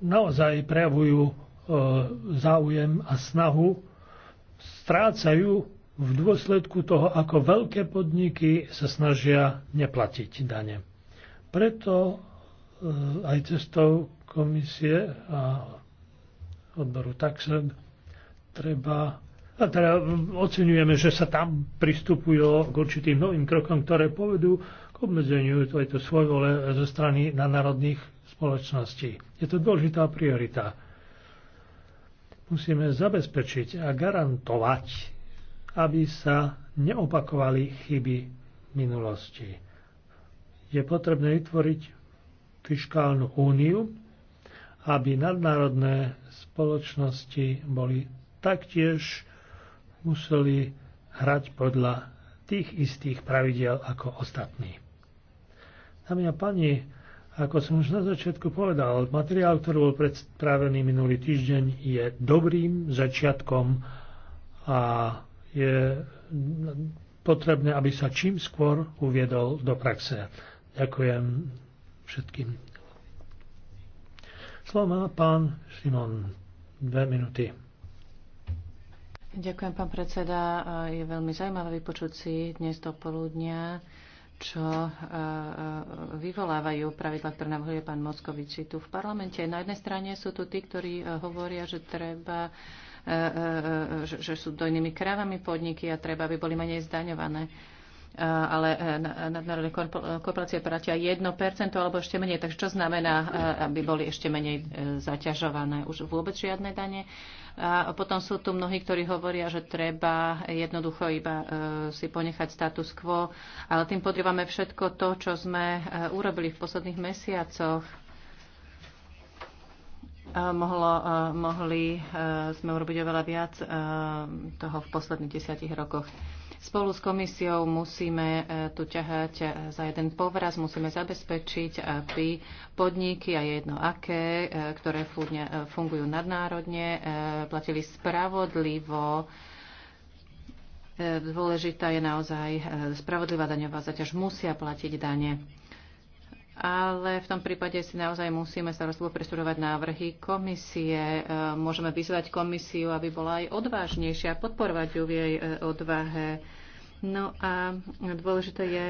naozaj prejavujú e, záujem a snahu, strácajú v dôsledku toho, ako veľké podniky sa snažia neplatiť dane. Preto e, aj cestou komisie a odboru taxe treba a teda oceňujeme, že sa tam pristupujú k určitým novým krokom, ktoré povedú k obmedzeniu tejto svojvole zo strany nadnárodných spoločností. Je to dôležitá priorita. Musíme zabezpečiť a garantovať, aby sa neopakovali chyby minulosti. Je potrebné vytvoriť fiskálnu úniu, aby nadnárodné spoločnosti boli taktiež museli hrať podľa tých istých pravidel ako ostatní. Dámy a pani, ako som už na začiatku povedal, materiál, ktorý bol predstavený minulý týždeň, je dobrým začiatkom a je potrebné, aby sa čím skôr uviedol do praxe. Ďakujem všetkým. Slovo má pán Šimon. Dve minúty. Ďakujem, pán predseda. Je veľmi zaujímavé vypočuť si dnes do poludnia čo e, e, vyvolávajú pravidla, ktoré navrhuje pán Moskoviči tu v parlamente. Na jednej strane sú tu tí, ktorí e, hovoria, že treba že sú dojnými krávami podniky a treba, aby boli menej zdaňované. Eh, ale eh, nadnárodné korporácie platia 1% alebo ešte menej. Takže čo znamená, eh, aby boli ešte menej zaťažované? Už vôbec žiadne dane? A potom sú tu mnohí, ktorí hovoria, že treba jednoducho iba si ponechať status quo, ale tým podrývame všetko to, čo sme urobili v posledných mesiacoch mohlo, mohli sme urobiť oveľa viac toho v posledných desiatich rokoch. Spolu s komisiou musíme e, tu ťahať e, za jeden povraz, musíme zabezpečiť, aby podniky a jedno aké, e, ktoré fungujú nadnárodne, platili spravodlivo Dôležitá je naozaj spravodlivá daňová zaťaž. Musia platiť dane ale v tom prípade si naozaj musíme starostlivo prestudovať návrhy komisie. E, môžeme vyzvať komisiu, aby bola aj odvážnejšia, podporovať ju v jej e, odvahe. No a dôležité je,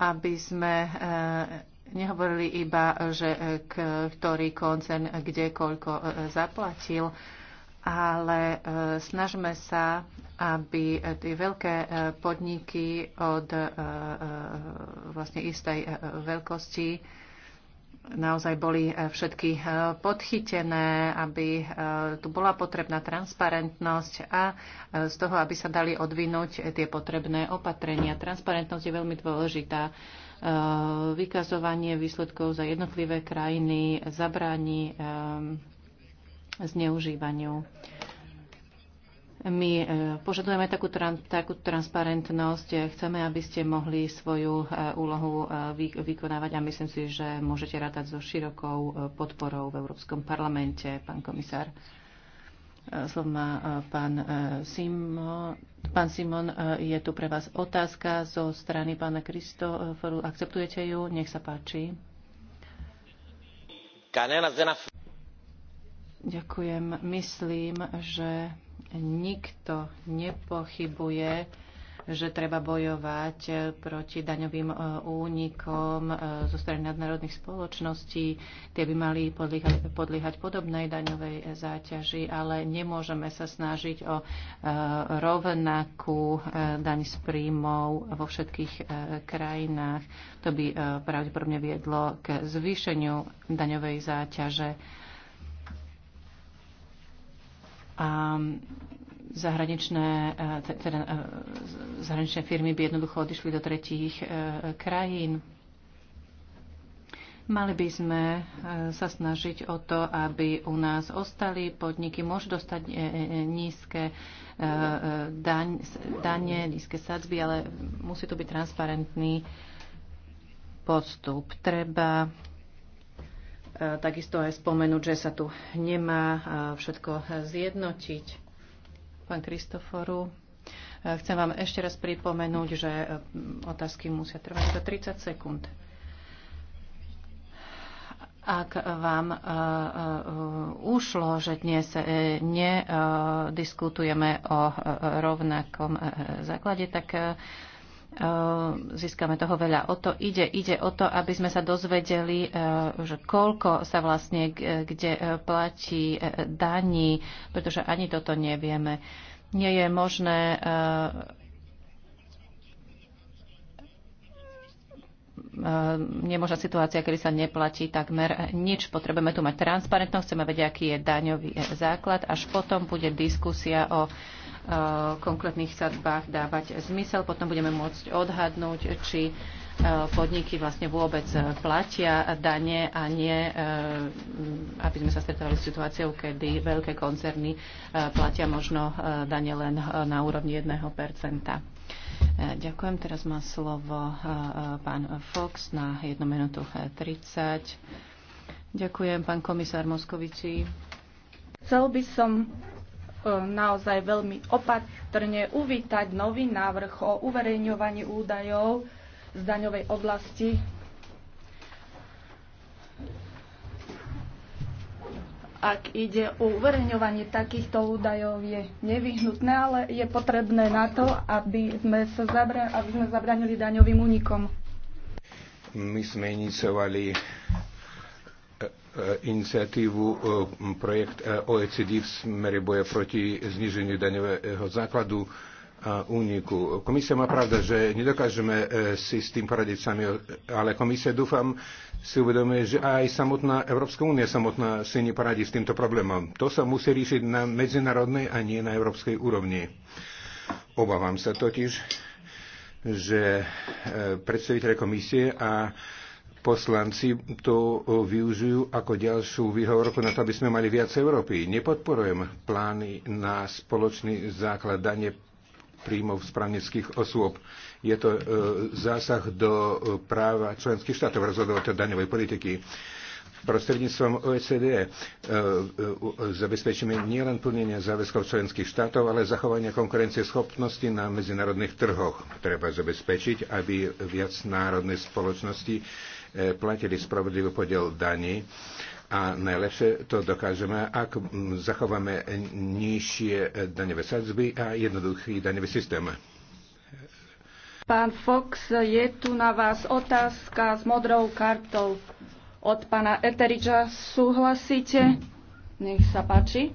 aby sme e, nehovorili iba, že ktorý koncern kdekoľko zaplatil, ale snažme sa aby tie veľké e, podniky od e, e, vlastne istej veľkosti naozaj boli všetky podchytené, aby tu bola potrebná transparentnosť a z toho, aby sa dali odvinúť tie potrebné opatrenia. Transparentnosť je veľmi dôležitá. Vykazovanie výsledkov za jednotlivé krajiny zabráni zneužívaniu my e, požadujeme takú, takú transparentnosť, chceme, aby ste mohli svoju e, úlohu e, vykonávať a myslím si, že môžete rátať so širokou podporou v Európskom parlamente, pán komisár. Slovo má pán Simon. Pán Simon, je tu pre vás otázka zo strany pána Kristoforu. Akceptujete ju? Nech sa páči. Ďakujem. Myslím, že nikto nepochybuje, že treba bojovať eh, proti daňovým eh, únikom eh, zo strany nadnárodných spoločností. Tie by mali podliehať, podliehať podobnej daňovej záťaži, ale nemôžeme sa snažiť o rovnakú daň z príjmov vo všetkých krajinách. To by pravdepodobne viedlo k zvýšeniu daňovej záťaže a zahraničné, e, teda, e, zahraničné firmy by jednoducho odišli do tretích e, krajín. Mali by sme sa snažiť o to, aby u nás ostali podniky, môžu dostať nízke daň, dane, nízke sadzby, ale musí to byť transparentný postup. Treba takisto aj spomenúť, že sa tu nemá všetko zjednotiť. Pán Kristoforu, e, chcem vám ešte raz pripomenúť, že e, otázky musia trvať do 30 sekúnd. Ak vám uh, uh, ušlo, že dnes uh, nediskutujeme o uh, rovnakom uh, základe, tak uh, Eh, získame toho veľa. O to ide. Ide o to, aby sme sa dozvedeli, eh, že koľko sa vlastne eh, kde platí daní, pretože ani toto nevieme. Nie je možné nemožná situácia, kedy sa neplatí takmer nič. Potrebujeme tu mať transparentnosť, chceme vedieť, aký je daňový základ. Až potom bude diskusia o Eh, konkrétnych sadzbách dávať zmysel. Potom budeme môcť odhadnúť, či eh, podniky vlastne vôbec eh, platia dane a nie, aby sme sa stretávali s situáciou, kedy veľké koncerny platia možno dane len na úrovni 1%. Ďakujem. Teraz má slovo pán Fox na 1 minútu 30. Ďakujem, pán komisár Moskovici. Chcel by som E, naozaj veľmi opatrne uvítať nový návrh o uverejňovaní údajov z daňovej oblasti. Ak ide o uverejňovanie takýchto údajov, je nevyhnutné, ale je potrebné na to, aby sme, sa zabra- aby sme zabranili daňovým únikom. My sme iniciovali E, iniciatívu e, projekt e, OECD v smere boja proti zniženiu daňového základu a úniku. Komisia má pravda, že nedokážeme si s tým poradiť sami, ale komisia, dúfam, si uvedomuje, že aj samotná Európska únia samotná si neporadí s týmto problémom. To sa musí riešiť na medzinárodnej a nie na európskej úrovni. Obávam sa totiž, že predstaviteľe komisie a poslanci to využijú ako ďalšiu výhovorku na to, aby sme mali viac Európy. Nepodporujem plány na spoločný základanie príjmov z osôb. Je to e, zásah do e, práva členských štátov rozhodovať o daňovej politiky. Prostredníctvom OECD e, e, zabezpečíme nielen plnenie záväzkov členských štátov, ale zachovanie konkurencie schopnosti na medzinárodných trhoch. Treba zabezpečiť, aby viac národnej spoločnosti E, platili spravodlivý podiel daní. A najlepšie to dokážeme, ak zachováme nižšie daňové sadzby a jednoduchý daňový systém. Pán Fox, je tu na vás otázka s modrou kartou od pána Eteriča. Súhlasíte? Nech sa páči.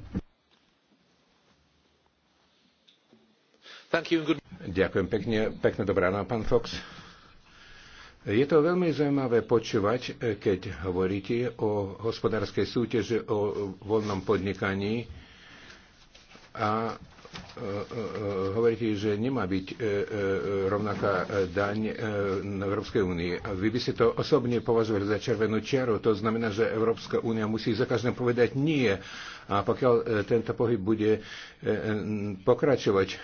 Ďakujem pekne. Pekné dobrá pán Fox. Je to veľmi zaujímavé počúvať, e, keď hovoríte o hospodárskej súťaži, o voľnom podnikaní a Eh, eh, eh, hovoríte, že nemá byť rovnaká daň na Európskej únii. Vy by ste to osobne považovali za červenú čiaru. To znamená, že Európska únia musí za každým povedať nie. A pokiaľ tento pohyb bude pokračovať,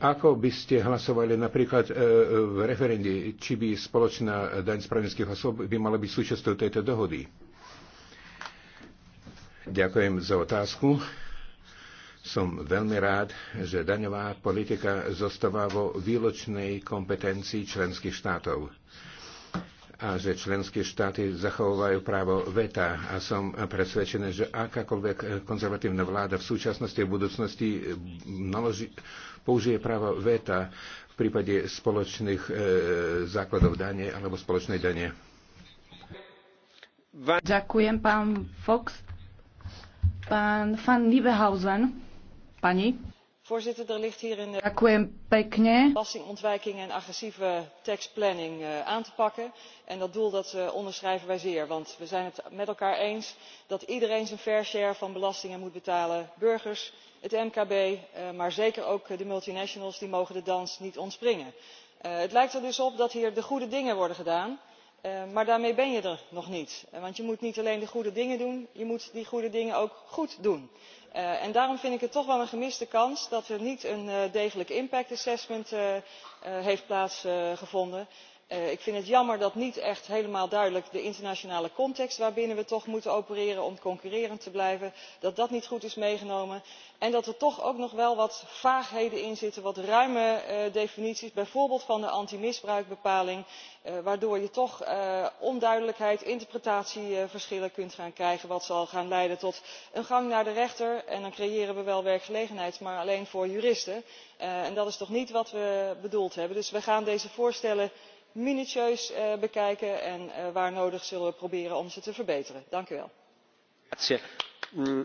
ako by ste hlasovali napríklad v referende, či by spoločná daň z právnických osob by mala byť súčasťou tejto dohody? Ďakujem za otázku. Som veľmi rád, že daňová politika zostáva vo výločnej kompetencii členských štátov a že členské štáty zachovajú právo veta a som presvedčený, že akákoľvek konzervatívna vláda v súčasnosti a v budúcnosti naloží, použije právo veta v prípade spoločných e, základov dane alebo spoločnej dane. Ďakujem, pán Fox. Pán Van Liebehausen. Voorzitter, er ligt hier eh, belastingontwijking en agressieve planning eh, aan te pakken. En dat doel eh, onderschrijven wij zeer, want we zijn het met elkaar eens dat iedereen zijn fair share van belastingen moet betalen. Burgers, het mkb, maar zeker ook de multinationals, die mogen de dans niet ontspringen. Het lijkt er dus op dat hier de goede dingen worden gedaan, maar daarmee ben je er nog niet. Want je moet niet alleen de goede dingen doen, je moet die goede dingen ook goed doen. Eh, en daarom vind ik het toch wel een gemiste kans dat er niet een eh, degelijk impact assessment eh, heeft plaatsgevonden. Eh, ik vind het jammer dat niet echt helemaal duidelijk de internationale context waarbinnen we toch moeten opereren om concurrerend te blijven niet goed is meegenomen en dat er toch ook nog wel wat vaagheden in zitten wat ruime eh, definities bijvoorbeeld van de antimisbruikbepaling eh, waardoor je toch onduidelijkheid interpretatieverschillen kunt gaan krijgen wat zal gaan leiden tot een gang naar de rechter en dan creëren we wel werkgelegenheid maar alleen voor juristen en dat is toch niet wat we bedoeld hebben. dus we gaan deze voorstellen minutieus eh, bekijken en eh, waar nodig zullen we proberen om ze te verbeteren. Mm.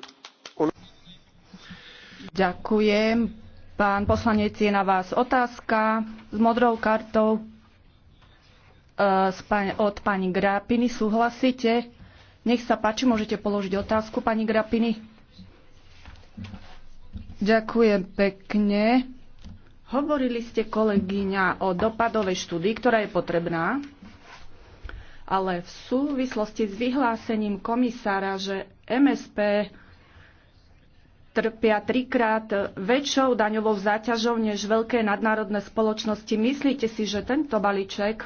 Pán na vás otázka s modrou kartou eh, Nech sa páči, môžete položiť otázku, Ďakujem pekne. Hovorili ste, kolegyňa, o dopadovej štúdii, ktorá je potrebná, ale v súvislosti s vyhlásením komisára, že MSP trpia trikrát väčšou daňovou záťažou než veľké nadnárodné spoločnosti. Myslíte si, že tento balíček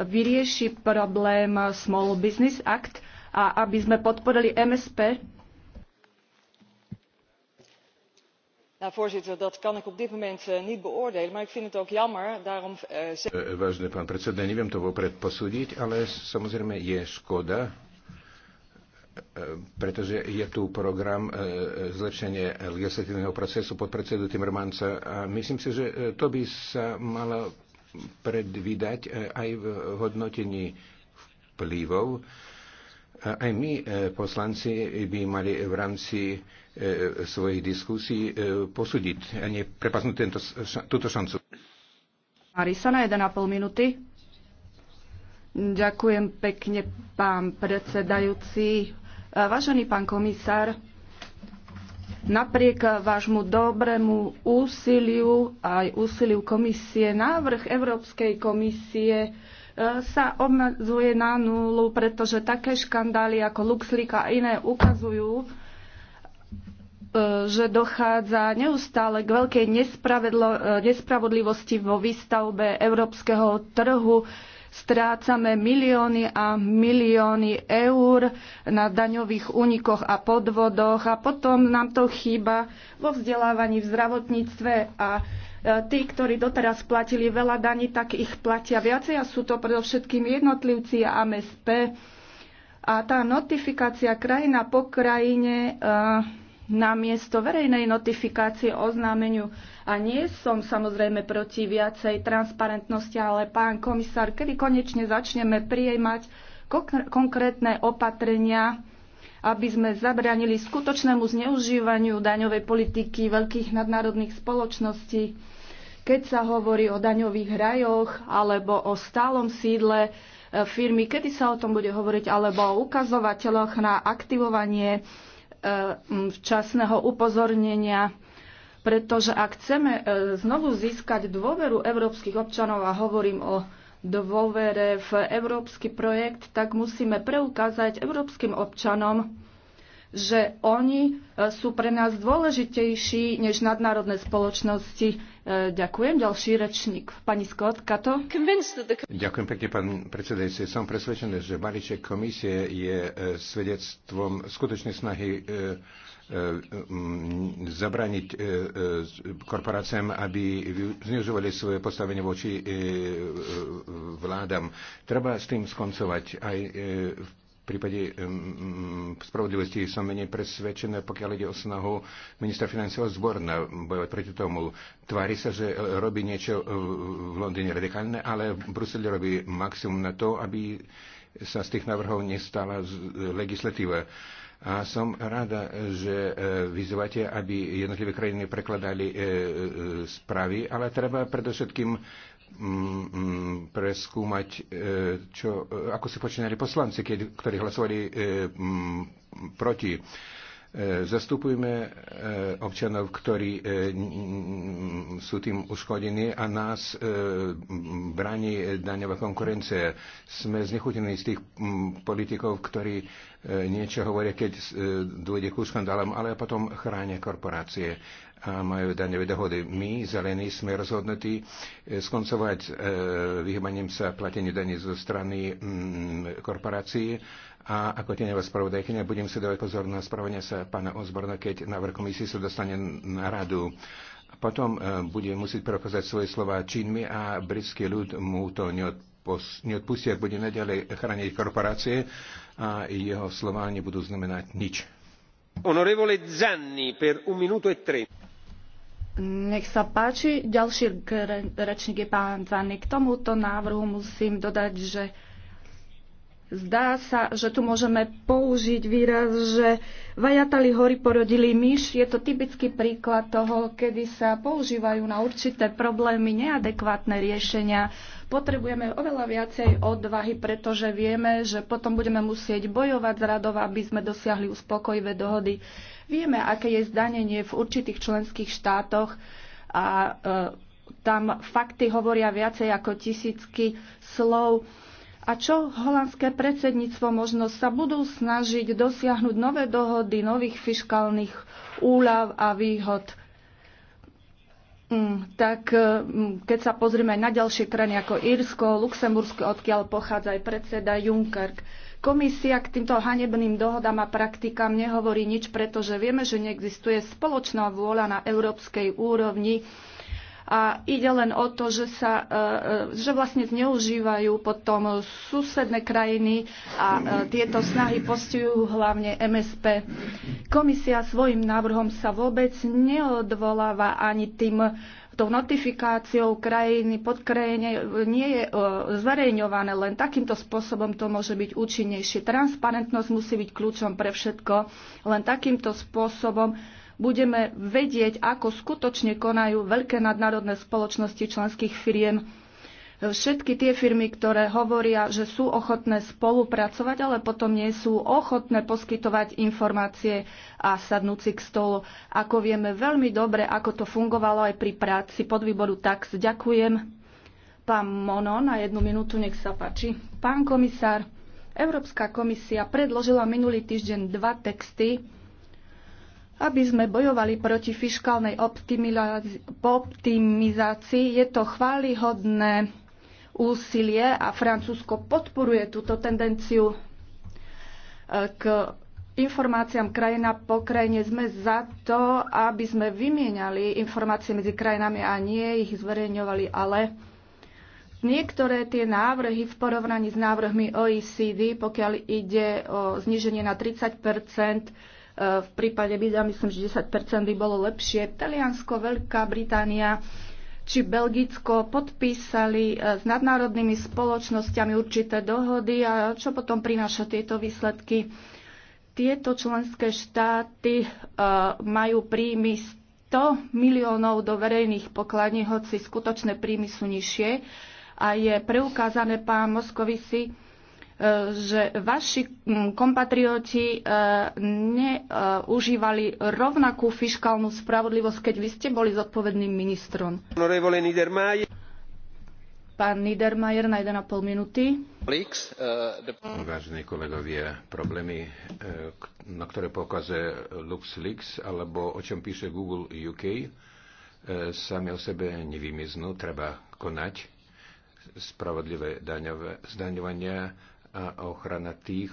vyrieši problém Small Business Act a aby sme podporili MSP, Eh, eh, eh, Vážený pán predseda, neviem to vopred posúdiť, ale samozrejme je škoda, pretože je tu program zlepšenie legislatívneho procesu pod predsedu Timmermansa a myslím si, že to by sa malo predvídať aj v hodnotení vplyvov aj my, e, poslanci, by mali v rámci e, svojich diskusí e, posúdiť a neprepaznúť tento, túto šancu. Marisa na 1,5 minúty. Ďakujem pekne, pán predsedajúci. Vážený pán komisár, napriek vášmu dobrému úsiliu aj úsiliu komisie, návrh Európskej komisie sa obmedzuje na nulu, pretože také škandály ako LuxLeaks a iné ukazujú, e, že dochádza neustále k veľkej e, nespravodlivosti vo výstavbe európskeho trhu. Strácame milióny a milióny eur na daňových únikoch a podvodoch a potom nám to chýba vo vzdelávaní v zdravotníctve a E, tí, ktorí doteraz platili veľa daní, tak ich platia viacej a sú to predovšetkým jednotlivci a MSP. A tá notifikácia krajina po krajine e, na miesto verejnej notifikácie oznámeniu. A nie som samozrejme proti viacej transparentnosti, ale pán komisár, kedy konečne začneme prijímať konkrétne opatrenia, aby sme zabránili skutočnému zneužívaniu daňovej politiky veľkých nadnárodných spoločností. Keď sa hovorí o daňových rajoch alebo o stálom sídle e, firmy, kedy sa o tom bude hovoriť, alebo o ukazovateľoch na aktivovanie e, včasného upozornenia pretože ak chceme e, znovu získať dôveru európskych občanov, a hovorím o dôvere v európsky projekt, tak musíme preukázať európskym občanom, že oni e, sú pre nás dôležitejší než nadnárodné spoločnosti. E, ďakujem. Ďalší rečník, pani Scott Kato. Ďakujem pekne, pán predsedajúci. Som presvedčený, že balíček komisie je e, svedectvom skutočnej snahy E, zabraniť e, e, korporáciám, aby zneužovali svoje postavenie voči vládam. Treba s tým skoncovať aj v prípade spravodlivosti som menej presvedčené, pokiaľ ide o snahu ministra financí zbor bojovať proti tomu. Tvári sa, že robí niečo v Londýne radikálne, ale v Bruseli robí maximum na to, aby sa z tých návrhov nestala legislatíva. A som rada, že e, vyzývate, aby jednotlivé krajiny prekladali e, e, správy, ale treba predovšetkým mm, mm, preskúmať, čo, ako si počínali poslanci, keď, ktorí hlasovali mm, proti E, Zastupujeme e, občanov, ktorí e, sú tým uškodení a nás bráni daňová konkurencia. Sme znechutení z tých politikov, ktorí niečo hovoria, keď dôjde ku škandálom, ale potom chránia korporácie a majú daňové dohody. My, zelení, sme rozhodnutí e, skoncovať e, vyhýbaním sa plateniu daní zo strany mm, korporácií a ako teňová spravodajkynia budem si dávať pozor na spravenie sa pána Osborna, keď návrh komisie sa dostane na radu. Potom e, bude musieť prokázať svoje slova činmi a britský ľud mu to neodpustí, ak bude naďalej chrániť korporácie a jeho slova nebudú znamenať nič. Onorevole Zanni per un minuto e tre. Nech sa páči. Ďalší rečník je pán Zany. K tomuto návrhu musím dodať, že zdá sa, že tu môžeme použiť výraz, že vajatali hory porodili myš. Je to typický príklad toho, kedy sa používajú na určité problémy neadekvátne riešenia. Potrebujeme oveľa viacej odvahy, pretože vieme, že potom budeme musieť bojovať z radov, aby sme dosiahli uspokojivé dohody. Vieme, aké je zdanenie v určitých členských štátoch a e, tam fakty hovoria viacej ako tisícky slov. A čo holandské predsedníctvo možno sa budú snažiť dosiahnuť nové dohody, nových fiskálnych úľav a výhod? Mm, tak e, keď sa pozrieme aj na ďalšie krajiny ako Írsko, Luxembursko, odkiaľ pochádza aj predseda Juncker, Komisia k týmto hanebným dohodám a praktikám nehovorí nič, pretože vieme, že neexistuje spoločná vôľa na európskej úrovni a ide len o to, že, sa, e, e, že vlastne zneužívajú potom susedné krajiny a e, tieto snahy postihujú hlavne MSP. Komisia svojim návrhom sa vôbec neodvoláva ani tým tou notifikáciou krajiny pod krajine nie je e, zverejňované. Len takýmto spôsobom to môže byť účinnejšie. Transparentnosť musí byť kľúčom pre všetko. Len takýmto spôsobom budeme vedieť, ako skutočne konajú veľké nadnárodné spoločnosti členských firiem všetky tie firmy, ktoré hovoria, že sú ochotné spolupracovať, ale potom nie sú ochotné poskytovať informácie a sadnúť si k stolu. Ako vieme veľmi dobre, ako to fungovalo aj pri práci pod výboru TAX. Ďakujem. Pán Mono, na jednu minútu, nech sa páči. Pán komisár, Európska komisia predložila minulý týždeň dva texty, aby sme bojovali proti fiškálnej optimizácii, je to chválihodné úsilie a Francúzsko podporuje túto tendenciu e, k informáciám krajina po krajine. Sme za to, aby sme vymieniali informácie medzi krajinami a nie ich zverejňovali, ale niektoré tie návrhy v porovnaní s návrhmi OECD, pokiaľ ide o zníženie na 30 e, v prípade byda myslím, že 10 by bolo lepšie. Taliansko, Veľká Británia, či Belgicko podpísali e, s nadnárodnými spoločnosťami určité dohody a čo potom prináša tieto výsledky. Tieto členské štáty e, majú príjmy 100 miliónov do verejných pokladní, hoci skutočné príjmy sú nižšie a je preukázané, pán Moskovici, že vaši mm, kompatrioti e, neužívali rovnakú fiskálnu spravodlivosť, keď vy ste boli zodpovedným ministrom. Pán Niedermayer na 1,5 minúty. E, Vážení kolegovia, problémy, e, na ktoré pokazuje LuxLeaks alebo o čom píše Google UK, sami o sebe nevymiznú, treba konať spravodlivé daňové, zdaňovania a ochrana tých,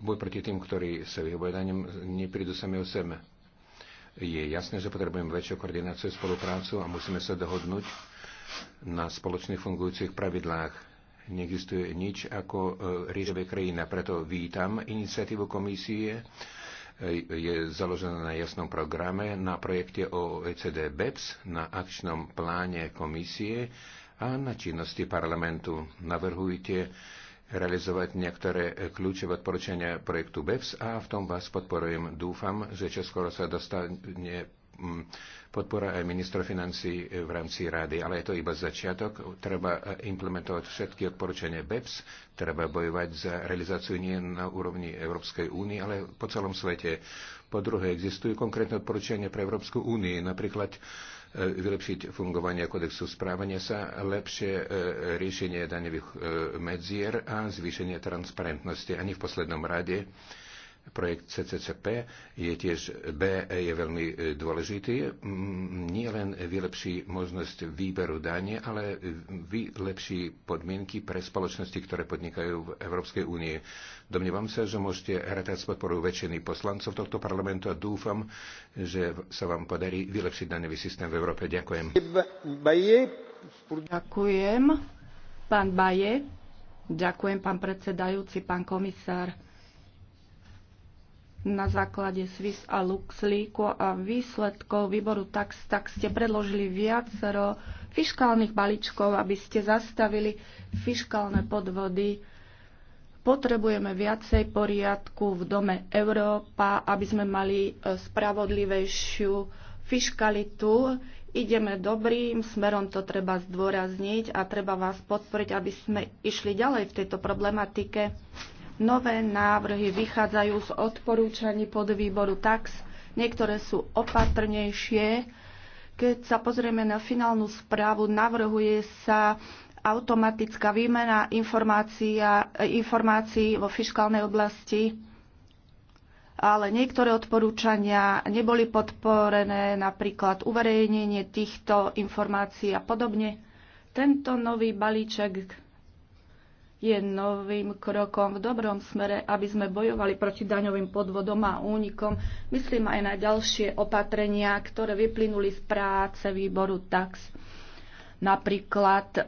boj proti tým, ktorí sa vyhovajú daním, neprídu sami o sebe. Je jasné, že potrebujeme väčšiu koordináciu, spoluprácu a musíme sa dohodnúť na spoločných fungujúcich pravidlách. Neexistuje nič ako e, rížové krajina, preto vítam iniciatívu komisie, e, je založená na jasnom programe, na projekte OECD BEPS, na akčnom pláne komisie a na činnosti parlamentu. Navrhujte realizovať niektoré e, kľúčové odporúčania projektu BEPS a v tom vás podporujem. Dúfam, že čoskoro sa dostane podpora aj ministra financí e, v rámci rady, ale je to iba začiatok. Treba e, implementovať všetky odporúčania BEPS, treba bojovať za realizáciu nie na úrovni Európskej únie, ale po celom svete. Po druhé, existujú konkrétne odporúčania pre Európsku úniu, napríklad e, vylepšiť fungovanie kodexu správania sa, lepšie riešenie daňových medzier a zvýšenie transparentnosti. Ani v poslednom rade Projekt CCCP je tiež B je veľmi e, dôležitý. Nie len vylepší možnosť výberu dane, ale vylepší podmienky pre spoločnosti, ktoré podnikajú v Európskej únie. Domnievam sa, že môžete hratať s podporou väčšiny poslancov tohto parlamentu a dúfam, že sa vám podarí vylepšiť daňový systém v Európe. Ďakujem. Ďakujem, pán Baje. Ďakujem, pán predsedajúci, pán komisár na základe Swiss a LuxLeaku a výsledkov výboru tax, tak ste predložili viacero fiškálnych balíčkov, aby ste zastavili fiskálne podvody. Potrebujeme viacej poriadku v dome Európa, aby sme mali e, spravodlivejšiu fiškalitu. Ideme dobrým smerom, to treba zdôrazniť a treba vás podporiť, aby sme išli ďalej v tejto problematike. Nové návrhy vychádzajú z odporúčaní pod výboru TAX. Niektoré sú opatrnejšie. Keď sa pozrieme na finálnu správu, navrhuje sa automatická výmena informácií vo fiskálnej oblasti, ale niektoré odporúčania neboli podporené, napríklad uverejnenie týchto informácií a podobne. Tento nový balíček je novým krokom v dobrom smere, aby sme bojovali proti daňovým podvodom a únikom. Myslím aj na ďalšie opatrenia, ktoré vyplynuli z práce výboru TAX. Napríklad e, e,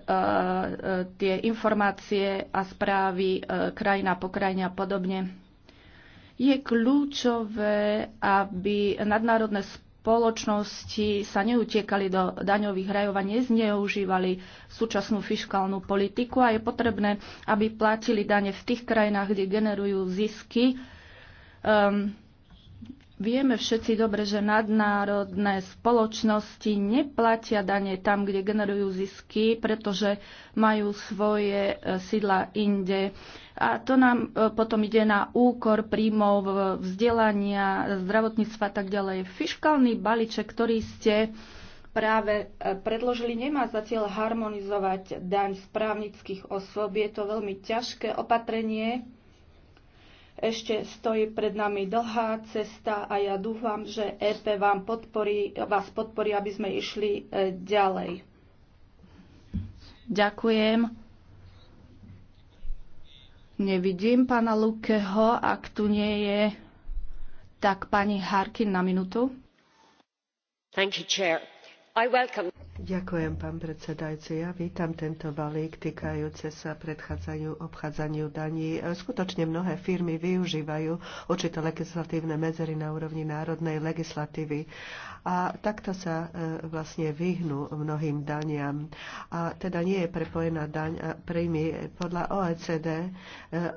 tie informácie a správy e, krajina po krajine a podobne. Je kľúčové, aby nadnárodné spoločnosti spoločnosti sa neutiekali do daňových rajov a nezneužívali súčasnú fiskálnu politiku a je potrebné, aby platili dane v tých krajinách, kde generujú zisky. Um, Vieme všetci dobre, že nadnárodné spoločnosti neplatia dane tam, kde generujú zisky, pretože majú svoje e, sídla inde. A to nám e, potom ide na úkor príjmov e, vzdelania, zdravotníctva a tak ďalej. Fiškálny balíček, ktorý ste práve predložili, nemá za cieľ harmonizovať daň z právnických osôb. Je to veľmi ťažké opatrenie ešte stojí pred nami dlhá cesta a ja dúfam, že EP vám podporí, vás podporí, aby sme išli e, ďalej. Ďakujem. Nevidím pána Lukeho, ak tu nie je, tak pani Harkin na minútu. Thank you, chair. I welcome Ďakujem, pán predsedajúci. Ja vítam tento balík týkajúce sa predchádzaniu, obchádzaniu daní. Skutočne mnohé firmy využívajú určité legislatívne medzery na úrovni národnej legislatívy a takto sa e, vlastne vyhnú mnohým daniam. A teda nie je prepojená daň a príjmy. Podľa OECD e,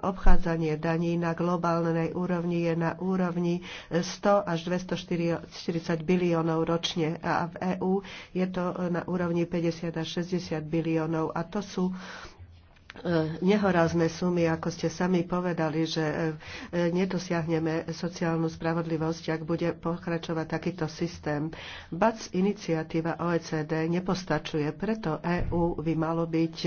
obchádzanie daní na globálnej úrovni je na úrovni 100 až 240 biliónov ročne a v EÚ je to na úrovni 50 až 60 biliónov a to sú E, nehorázne sumy, ako ste sami povedali, že e, e, nedosiahneme sociálnu spravodlivosť, ak bude pokračovať takýto systém. BAC iniciatíva OECD nepostačuje, preto EÚ by malo byť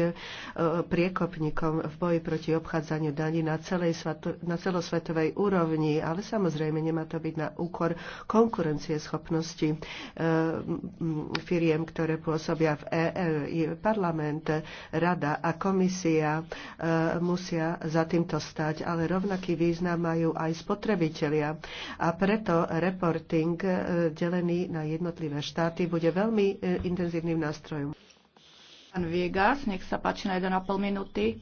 priekopníkom v boji proti obchádzaniu daní na, celej, na celosvetovej úrovni, ale samozrejme nemá to byť na úkor konkurencieschopnosti firiem, ktoré pôsobia v EÚ. Parlament, Rada a komisie e, musia za týmto stať, ale rovnaký význam majú aj spotrebitelia. A preto reporting e, delený na jednotlivé štáty bude veľmi e, intenzívnym nástrojom. Pán Viegas, nech sa páči na 1,5 minúty.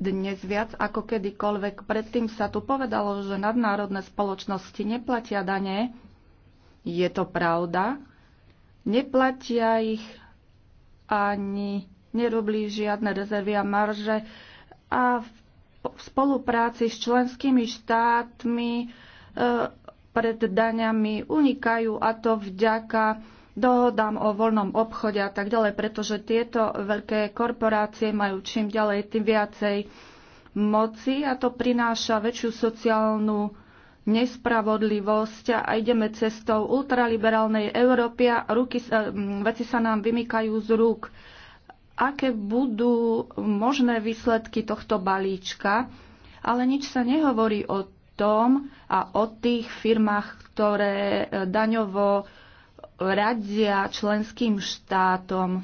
Dnes viac ako kedykoľvek predtým sa tu povedalo, že nadnárodné spoločnosti neplatia dane. Je to pravda. Neplatia ich ani nerobili žiadne rezervy a marže a v spolupráci s členskými štátmi e, pred daňami unikajú a to vďaka dohodám o voľnom obchode a tak ďalej, pretože tieto veľké korporácie majú čím ďalej tým viacej moci a to prináša väčšiu sociálnu nespravodlivosť a ideme cestou ultraliberálnej Európy a ruky, veci sa nám vymykajú z rúk aké budú možné výsledky tohto balíčka, ale nič sa nehovorí o tom a o tých firmách, ktoré e, daňovo radia členským štátom.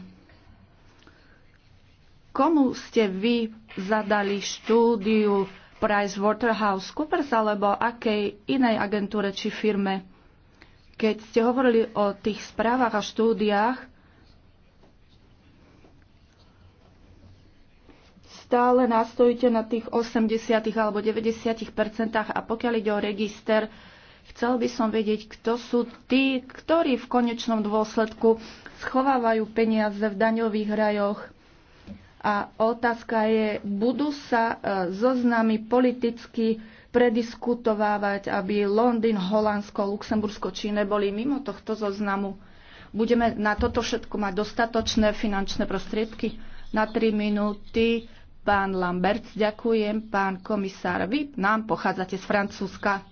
Komu ste vy zadali štúdiu PricewaterhouseCoopers alebo akej inej agentúre či firme? Keď ste hovorili o tých správach a štúdiách, stále nastojíte na tých 80 alebo 90 a pokiaľ ide o register, chcel by som vedieť, kto sú tí, ktorí v konečnom dôsledku schovávajú peniaze v daňových rajoch. A otázka je, budú sa e, zoznamy politicky prediskutovávať, aby Londýn, Holandsko, Luxembursko či neboli mimo tohto zoznamu. Budeme na toto všetko mať dostatočné finančné prostriedky na 3 minúty Pán Lamberts, ďakujem. Pán komisár, vy nám pochádzate z Francúzska.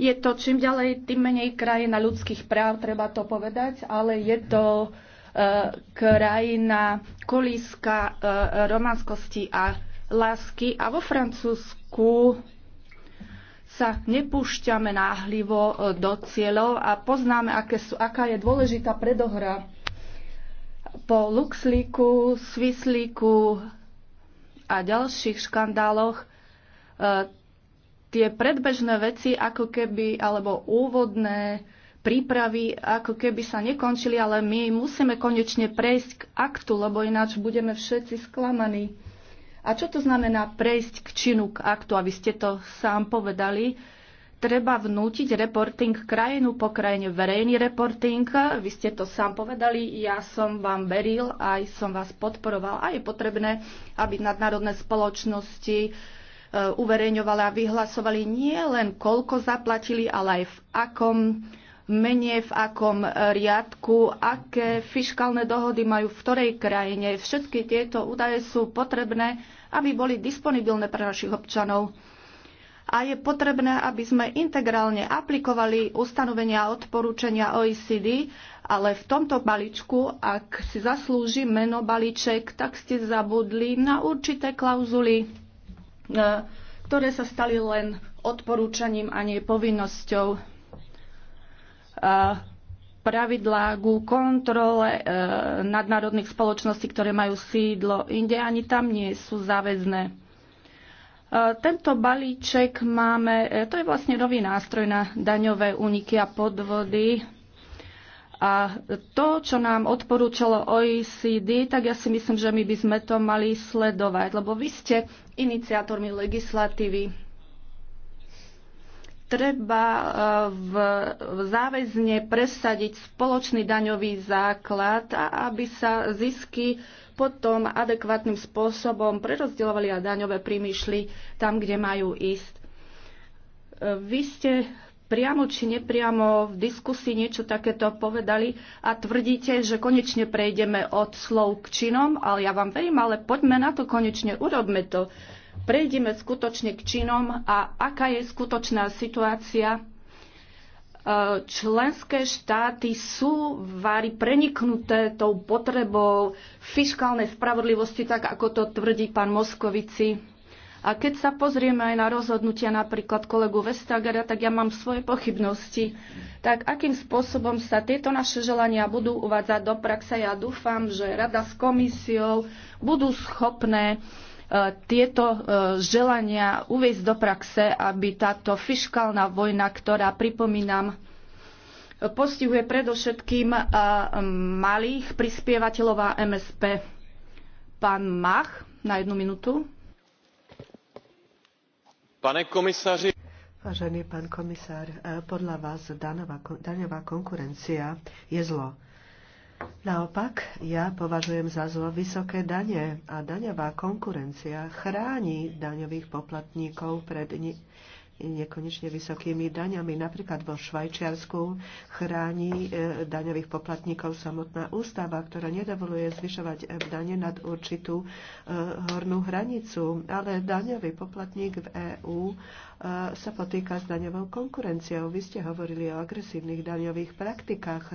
Je to čím ďalej, tým menej krajina ľudských práv, treba to povedať, ale je to e, krajina kolíska e, románskosti a lásky. A vo Francúzsku sa nepúšťame náhlivo e, do cieľov a poznáme, aké sú, aká je dôležitá predohra po Luxlíku, Svislíku, a ďalších škandáloch e, tie predbežné veci ako keby, alebo úvodné prípravy ako keby sa nekončili, ale my musíme konečne prejsť k aktu, lebo ináč budeme všetci sklamaní. A čo to znamená prejsť k činu, k aktu? aby ste to sám povedali treba vnútiť reporting krajinu po krajine, verejný reporting. Vy ste to sám povedali, ja som vám veril, aj som vás podporoval a je potrebné, aby nadnárodné spoločnosti e, uverejňovali a vyhlasovali nie len koľko zaplatili, ale aj v akom mene, v akom riadku, aké fiškálne dohody majú v ktorej krajine. Všetky tieto údaje sú potrebné, aby boli disponibilné pre našich občanov a je potrebné, aby sme integrálne aplikovali ustanovenia a odporúčania OECD, ale v tomto balíčku, ak si zaslúži meno balíček, tak ste zabudli na určité klauzuly, e, ktoré sa stali len odporúčaním a nie povinnosťou. E, pravidlá ku kontrole e, nadnárodných spoločností, ktoré majú sídlo inde, ani tam nie sú záväzné E, tento balíček máme, e, to je vlastne nový nástroj na daňové úniky a podvody. A to, čo nám odporúčalo OECD, tak ja si myslím, že my by sme to mali sledovať, lebo vy ste iniciátormi legislatívy. Treba e, v, záväzne presadiť spoločný daňový základ, a aby sa zisky potom adekvátnym spôsobom prerozdielovali a daňové príjmy šli tam, kde majú ísť. E, vy ste priamo či nepriamo v diskusii niečo takéto povedali a tvrdíte, že konečne prejdeme od slov k činom, ale ja vám verím, ale poďme na to konečne, urobme to. Prejdeme skutočne k činom a aká je skutočná situácia členské štáty sú vári preniknuté tou potrebou fiskálnej spravodlivosti, tak ako to tvrdí pán Moskovici. A keď sa pozrieme aj na rozhodnutia napríklad kolegu Vestagera, tak ja mám svoje pochybnosti. Tak akým spôsobom sa tieto naše želania budú uvádzať do praxe? Ja dúfam, že rada s komisiou budú schopné uh, E, tieto e, želania uviezť do praxe, aby táto fiškálna vojna, ktorá, pripomínam, postihuje predovšetkým e, malých prispievateľov a MSP. Pán Mach, na jednu minútu. Pane komisáři. Vážený pán komisár, podľa vás daňová, daňová konkurencia je zlo. Naopak, ja považujem za zlo vysoké dane a daňová konkurencia chráni daňových poplatníkov pred nekonečne vysokými daňami. Napríklad vo Švajčiarsku chráni e, daňových poplatníkov samotná ústava, ktorá nedovoluje zvyšovať e, dane nad určitú e, hornú hranicu. Ale daňový poplatník v EÚ sa potýka s daňovou konkurenciou. Vy ste hovorili o agresívnych daňových praktikách.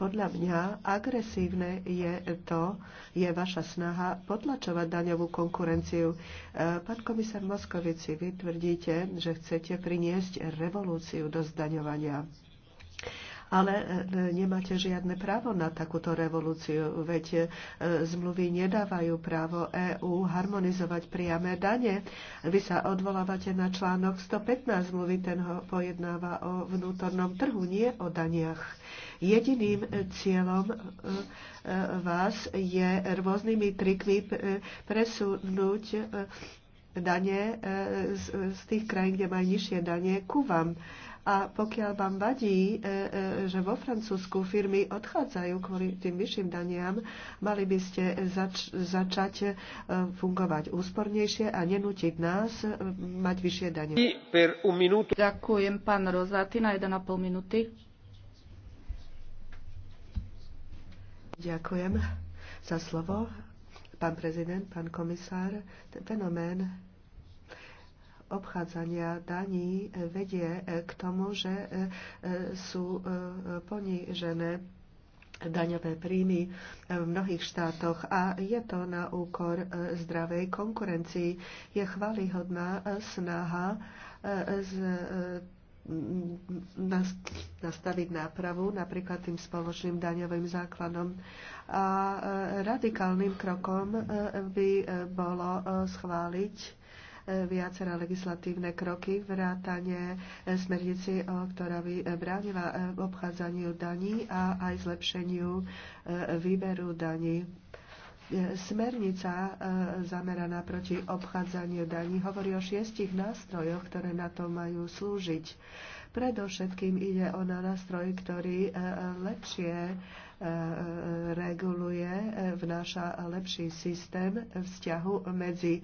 Podľa mňa agresívne je to, je vaša snaha potlačovať daňovú konkurenciu. E, pán komisár Moskovici, vy tvrdíte, že chcete priniesť revolúciu do zdaňovania ale e, nemáte žiadne právo na takúto revolúciu, veď e, zmluvy nedávajú právo EÚ harmonizovať priame dane. Vy sa odvolávate na článok 115 zmluvy, ten ho pojednáva o vnútornom trhu, nie o daniach. Jediným e, cieľom vás je rôznymi trikmi presunúť dane z, tých krajín, kde majú nižšie dane, ku vám. A pokiaľ vám vadí, e, e, že vo Francúzsku firmy odchádzajú kvôli tým vyšším daniam, mali by ste zač- začať e, fungovať úspornejšie a nenútiť nás mať vyššie dane. Ďakujem, pán Rozaty, na 1,5 minúty. Ďakujem za slovo, pán prezident, pán komisár. Ten fenomén obchádzania daní e, vedie e, k tomu, že e, sú ponížené daňové príjmy v mnohých štátoch a je to na úkor zdravej konkurencii. Je chválihodná snaha z nastaviť nápravu napríklad tým spoločným daňovým základom. A radikálnym krokom by bolo schváliť viaceré legislatívne kroky, vrátanie smernici, ktorá by bránila eh, obchádzaniu daní a aj zlepšeniu eh, výberu daní eh, smernica zameraná proti obchádzaniu daní hovorí o šiestich nástrojoch, ktoré na to majú slúžiť. Predovšetkým ide o nástroj, ktorý lepšie reguluje, vnáša lepší systém vzťahu medzi e,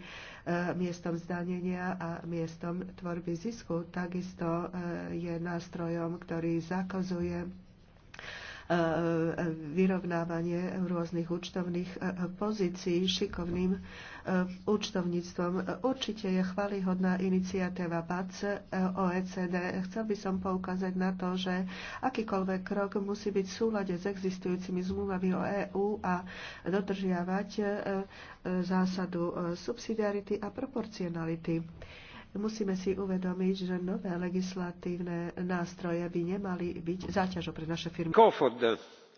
miestom zdanenia a miestom tvorby zisku. Takisto e, je nástrojom, ktorý zakazuje E, e, vyrovnávanie rôznych účtovných e, pozícií šikovným účtovníctvom. Určite je chvalihodná iniciatíva BAC OECD. Chcel by som poukázať na to, že akýkoľvek krok musí byť v súlade s existujúcimi zmluvami o EÚ a dodržiavať zásadu subsidiarity a proporcionality. Musíme si uvedomiť, že nové legislatívne nástroje by nemali byť záťažou pre naše firmy. Kofod,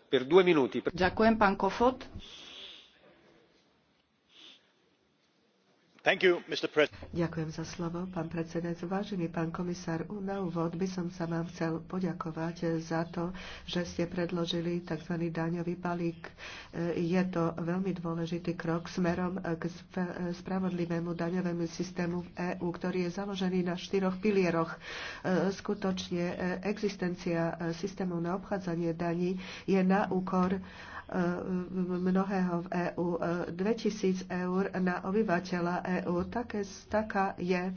per due minuti. Ďakujem, pán Kofod. Ďakujem za slovo, pán predsedajúci. Vážený pán komisár, na úvod by som sa vám chcel poďakovať za to, že ste predložili tzv. daňový balík. Je to veľmi dôležitý krok smerom k spravodlivému daňovému systému v EÚ, ktorý je založený na štyroch pilieroch. Skutočne existencia systémov na obchádzanie daní je na úkor mnohého v EÚ. 2000 eur na obyvateľa EÚ. Také, taká je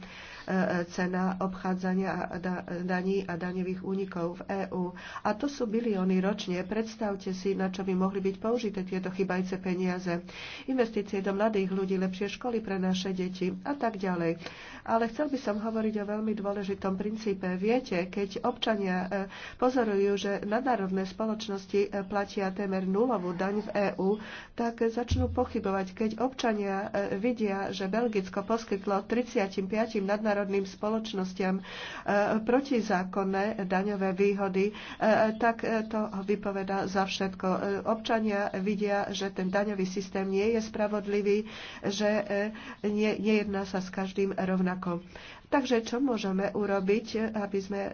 cena obchádzania daní a daňových únikov v EÚ. A to sú bilióny ročne. Predstavte si, na čo by mohli byť použité tieto chybajúce peniaze. Investície do mladých ľudí, lepšie školy pre naše deti a tak ďalej. Ale chcel by som hovoriť o veľmi dôležitom princípe. Viete, keď občania e, pozorujú, že nadárodné spoločnosti e, platia témer nulovú daň v EÚ, tak začnú pochybovať, keď občania e, vidia, že Belgicko poskytlo 35 nadnárodným nadnárodným spoločnosťam e, protizákonné daňové výhody, e, tak to vypoveda za všetko. E, občania vidia, že ten daňový systém nie je spravodlivý, že nejedná sa s každým rovnako. Takže čo môžeme urobiť, aby sme e,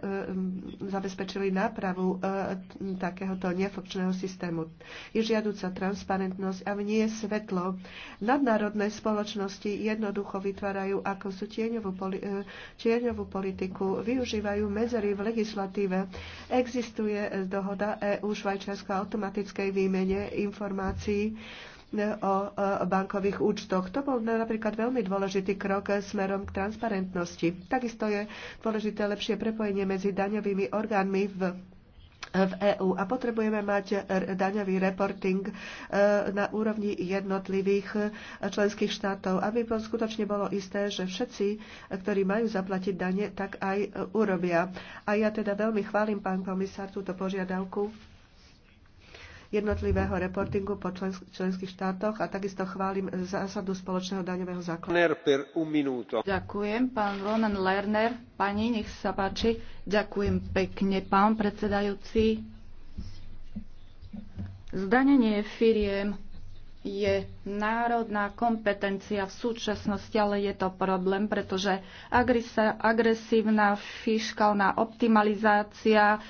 zabezpečili nápravu e, takéhoto nefunkčného systému? Je žiaduca transparentnosť a v nie svetlo. Nadnárodné spoločnosti jednoducho vytvárajú ako sú tieňovú, poli- e, tieňovú politiku, využívajú medzery v legislatíve. Existuje dohoda EU Švajčiarska automatickej výmene informácií E, o e, bankových účtoch. To bol napríklad veľmi dôležitý krok smerom k transparentnosti. Takisto je dôležité lepšie prepojenie medzi daňovými orgánmi v v EÚ a potrebujeme mať daňový reporting e, na úrovni jednotlivých členských štátov, aby skutočne bolo isté, že všetci, ktorí majú zaplatiť dane, tak aj urobia. A ja teda veľmi chválim, pán komisár, túto požiadavku jednotlivého reportingu po členských štátoch a takisto chválim zásadu spoločného daňového základu. Ďakujem, pán Ronan Lerner. Pani, nech sa páči. Ďakujem pekne, pán predsedajúci. Zdanenie firiem je národná kompetencia v súčasnosti, ale je to problém, pretože agresívna fiskálna optimalizácia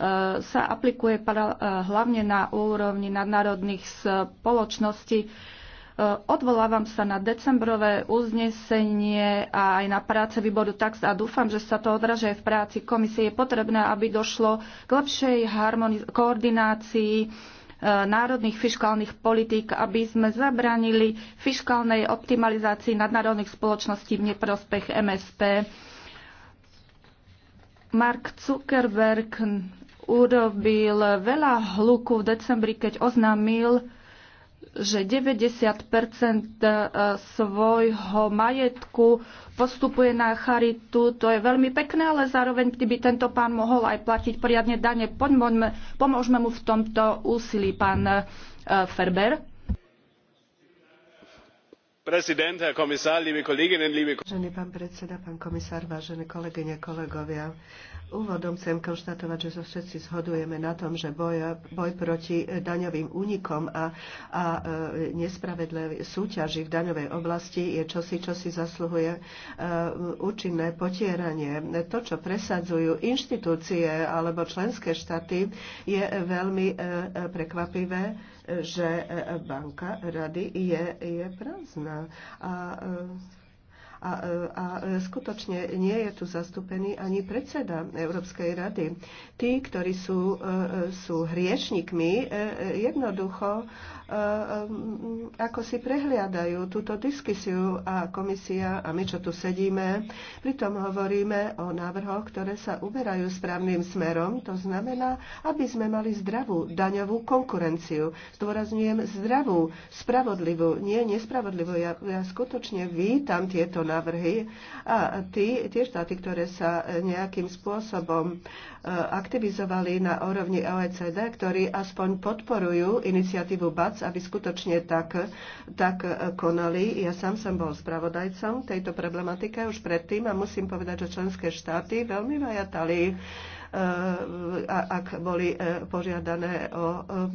E, sa aplikuje e, hlavne na úrovni nadnárodných spoločností. E, odvolávam sa na decembrové uznesenie a aj na práce výboru tax a dúfam, že sa to odraže aj v práci komisie. Je potrebné, aby došlo k lepšej koordinácii národných fiskálnych politík, aby sme zabránili fiskálnej optimalizácii nadnárodných spoločností v neprospech MSP. Mark Zuckerberg urobil veľa hluku v decembri, keď oznámil, že 90 e, svojho majetku postupuje na charitu. To je veľmi pekné, ale zároveň by tento pán mohol aj platiť poriadne dane. Poďme, pomôžme mu v tomto úsilí, pán e, Ferber. Vážený pán predseda, pán komisár, vážené kolegyne, kolegovia, Úvodom chcem konštatovať, že sa so všetci zhodujeme na tom, že boj, boj proti daňovým únikom a, a e, nespravedlivej súťaži v daňovej oblasti je čosi, čo si zasluhuje e, účinné potieranie. To, čo presadzujú inštitúcie alebo členské štáty, je veľmi e, prekvapivé, že banka rady je, je prázdna. A, a, a skutočne nie je tu zastúpený ani predseda Európskej rady. Tí, ktorí sú, e, sú hriešnikmi, e, jednoducho e, ako si prehliadajú túto diskusiu a komisia a my, čo tu sedíme, pritom hovoríme o návrhoch, ktoré sa uberajú správnym smerom. To znamená, aby sme mali zdravú daňovú konkurenciu. Zdôrazňujem zdravú, spravodlivú, nie nespravodlivú. Ja, ja skutočne vítam tieto návrhy a tí, tie štáty, ktoré sa nejakým spôsobom e, aktivizovali na úrovni OECD, ktorí aspoň podporujú iniciatívu BAC, aby skutočne tak, tak e, konali. Ja sám som bol spravodajcom tejto problematike už predtým a musím povedať, že členské štáty veľmi vajatali ak boli e, požiadané o e,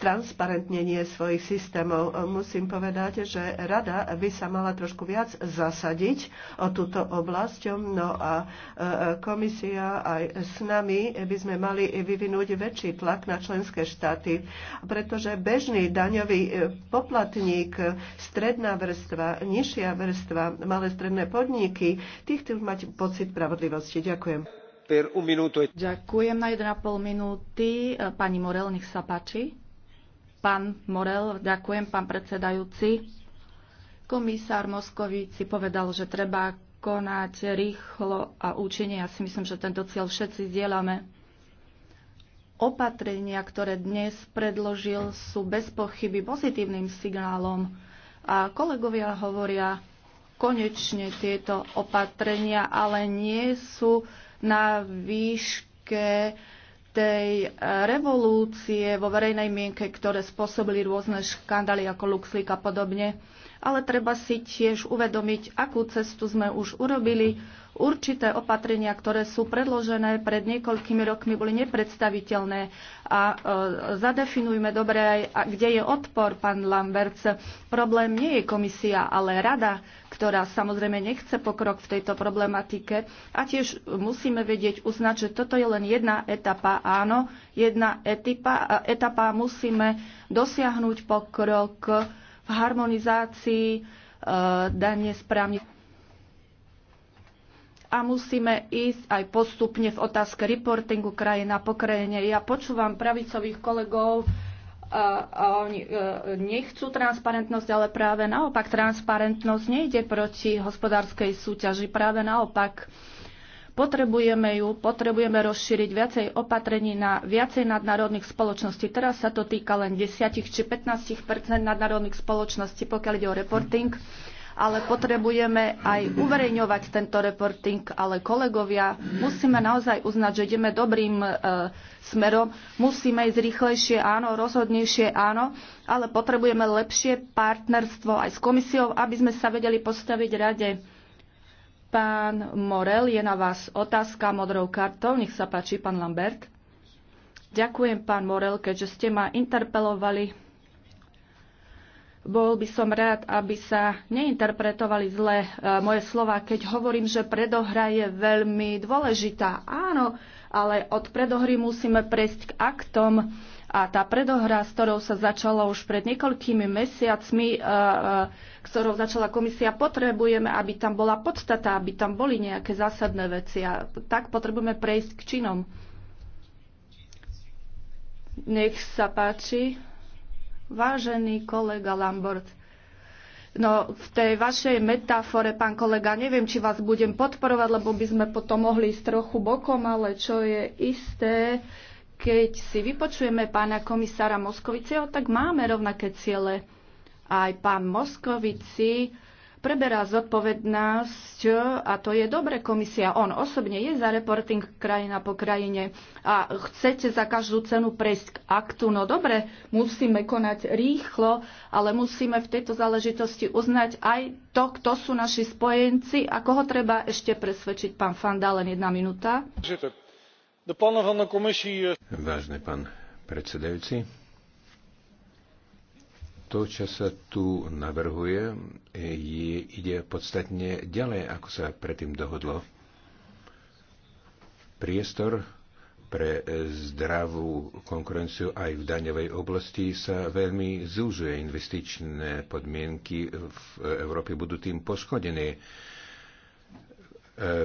stransparentnenie svojich systémov. Musím povedať, že rada by sa mala trošku viac zasadiť o túto oblasť, no a e, komisia aj s nami by sme mali vyvinúť väčší tlak na členské štáty, pretože bežný daňový poplatník, stredná vrstva, nižšia vrstva, malé stredné podniky, tých chcú mať pocit spravodlivosti. Ďakujem. E- ďakujem na 1,5 minúty. E, pani Morel, nech sa páči. Pán Morel, ďakujem, pán predsedajúci. Komisár Moskovici povedal, že treba konať rýchlo a účinne. Ja si myslím, že tento cieľ všetci zdieľame. Opatrenia, ktoré dnes predložil, sú bez pochyby pozitívnym signálom. A kolegovia hovoria, konečne tieto opatrenia ale nie sú na výške tej eh, revolúcie vo verejnej mienke, ktoré spôsobili rôzne škandály ako Luxleak a podobne. Ale treba si tiež uvedomiť, akú cestu sme už urobili určité opatrenia, ktoré sú predložené pred niekoľkými rokmi, boli nepredstaviteľné. A e, zadefinujme dobre aj, kde je odpor, pán Lamberts. Problém nie je komisia, ale rada, ktorá samozrejme nechce pokrok v tejto problematike. A tiež musíme vedieť uznať, že toto je len jedna etapa. Áno, jedna etipa, e, etapa musíme dosiahnuť pokrok v harmonizácii e, danie správnych a musíme ísť aj postupne v otázke reportingu krajina po krajine. Ja počúvam pravicových kolegov, a, oni e, nechcú transparentnosť, ale práve naopak transparentnosť nejde proti hospodárskej súťaži, práve naopak. Potrebujeme ju, potrebujeme rozšíriť viacej opatrení na viacej nadnárodných spoločností. Teraz sa to týka len 10 či 15 nadnárodných spoločností, pokiaľ ide o reporting ale potrebujeme aj uverejňovať tento reporting. Ale kolegovia, musíme naozaj uznať, že ideme dobrým e, smerom, musíme ísť rýchlejšie, áno, rozhodnejšie, áno, ale potrebujeme lepšie partnerstvo aj s komisiou, aby sme sa vedeli postaviť rade. Pán Morel, je na vás otázka modrou kartou. Nech sa páči, pán Lambert. Ďakujem, pán Morel, keďže ste ma interpelovali bol by som rád, aby sa neinterpretovali zle moje slova, keď hovorím, že predohra je veľmi dôležitá. Áno, ale od predohry musíme prejsť k aktom a tá predohra, s ktorou sa začala už pred niekoľkými mesiacmi, e, e, ktorou začala komisia, potrebujeme, aby tam bola podstata, aby tam boli nejaké zásadné veci a tak potrebujeme prejsť k činom. Nech sa páči. Vážený kolega Lambert, No, v tej vašej metafore, pán kolega, neviem, či vás budem podporovať, lebo by sme potom mohli ísť trochu bokom, ale čo je isté, keď si vypočujeme pána komisára Moskoviceho, tak máme rovnaké ciele. Aj pán Moskovici preberá zodpovednosť a to je dobre komisia. On osobne je za reporting krajina po krajine a chcete za každú cenu prejsť k aktu. No dobre, musíme konať rýchlo, ale musíme v tejto záležitosti uznať aj to, kto sú naši spojenci a koho treba ešte presvedčiť. Pán Fanda, len jedna minúta. Vážne pán predsedajúci, to, čo sa tu navrhuje, je, ide podstatne ďalej, ako sa predtým dohodlo. Priestor pre zdravú konkurenciu aj v daňovej oblasti sa veľmi zúžuje. Investičné podmienky v Európe budú tým poškodené.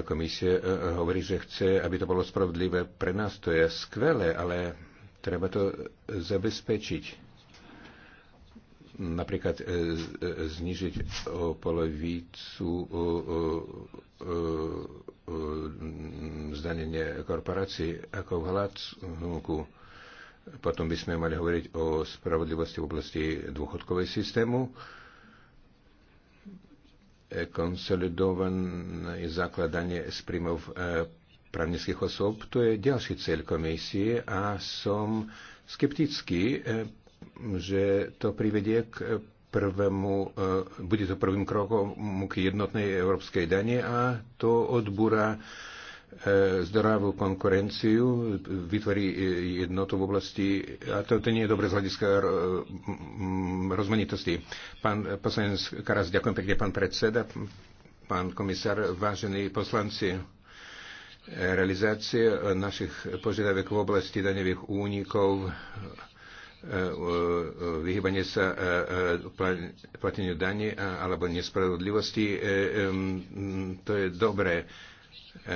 Komisie hovorí, že chce, aby to bolo spravodlivé pre nás. To je skvelé, ale treba to zabezpečiť napríklad e, e, znižiť o polovicu zdanenie korporácií ako v Hladku. Potom by sme mali hovoriť o spravodlivosti v oblasti dôchodkovej systému e, konsolidované zakladanie z príjmov právnických osôb. To je ďalší cieľ komisie a som skeptický, že to privedie k prvému, e, bude to prvým krokom k jednotnej európskej dane a to odbúra e, zdravú konkurenciu, vytvorí e, jednotu v oblasti, a to, to nie je dobre z hľadiska rozmanitosti. Pán poslanec Karas, ďakujem pekne, pán predseda, pán komisár, vážení poslanci, realizácie našich požiadavek v oblasti daňových únikov E, e, vyhybanie sa e, plateniu daní alebo nespravodlivosti, to je dobré.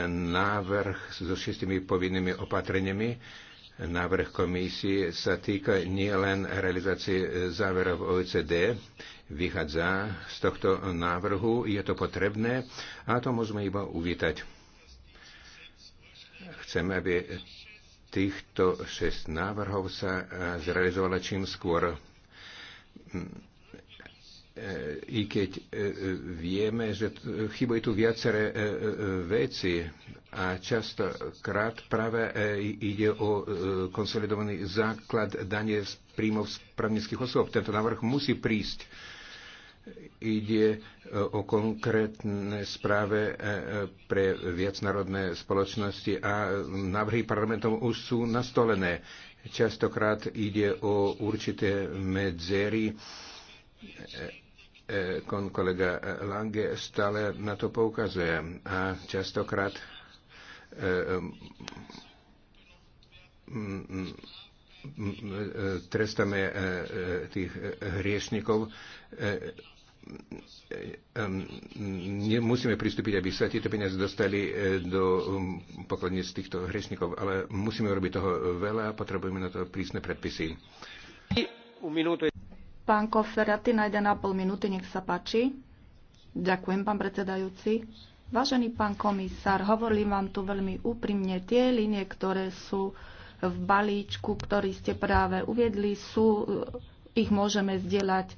Návrh so šestimi povinnými opatreniami návrh komisie sa týka nielen realizácie záverov OECD, vychádza z tohto návrhu, je to potrebné a to môžeme iba uvítať. Chceme, aby týchto šest návrhov sa e, zrealizovala čím skôr. Mm, e, I keď e, vieme, že chybujú tu viaceré veci a často krát práve ide o konsolidovaný základ danie z príjmov z právnických osôb. Tento návrh musí prísť ide o konkrétne správe pre viacnárodné spoločnosti a návrhy parlamentov už sú nastolené. Častokrát ide o určité medzery. Kon kolega Lange stále na to poukazuje a častokrát trestame tých hriešnikov Nemusíme pristúpiť, aby sa tieto peniaze dostali e, do um, pokladníc týchto hriešnikov, ale musíme robiť toho veľa a potrebujeme na to prísne predpisy. Pán Koferaty, na 1,5 minúty, nech sa páči. Ďakujem, pán predsedajúci. Vážený pán komisár, hovorím vám tu veľmi úprimne. Tie linie, ktoré sú v balíčku, ktorý ste práve uviedli, sú, e, ich môžeme zdieľať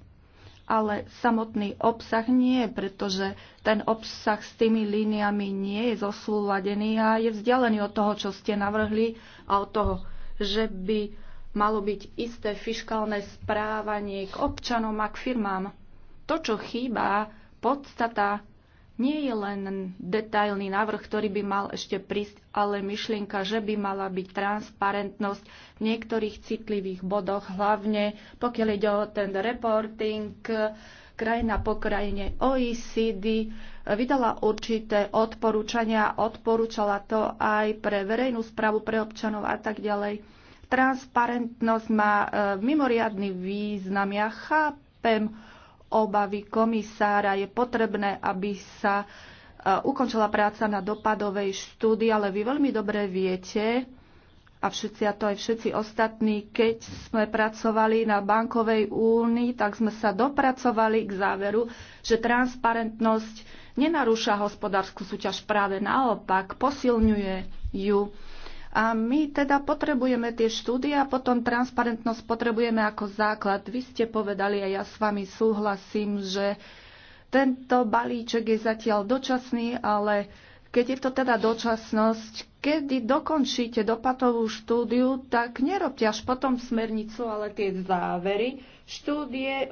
ale samotný obsah nie, pretože ten obsah s tými líniami nie je zosúladený a je vzdialený od toho, čo ste navrhli a od toho, že by malo byť isté fiškálne správanie k občanom a k firmám. To, čo chýba, podstata nie je len detailný návrh, ktorý by mal ešte prísť, ale myšlienka, že by mala byť transparentnosť v niektorých citlivých bodoch, hlavne pokiaľ ide o ten reporting, krajina po krajine OECD vydala určité odporúčania, odporúčala to aj pre verejnú správu, pre občanov a tak ďalej. Transparentnosť má e, mimoriadný význam. Ja chápem, obavy komisára. Je potrebné, aby sa e, ukončila práca na dopadovej štúdii, ale vy veľmi dobre viete, a všetci, a to aj všetci ostatní, keď sme pracovali na bankovej únii, tak sme sa dopracovali k záveru, že transparentnosť nenarúša hospodárskú súťaž, práve naopak posilňuje ju. A my teda potrebujeme tie štúdie a potom transparentnosť potrebujeme ako základ. Vy ste povedali a ja s vami súhlasím, že tento balíček je zatiaľ dočasný, ale keď je to teda dočasnosť, kedy dokončíte dopatovú štúdiu, tak nerobte až potom smernicu, ale tie závery štúdie e,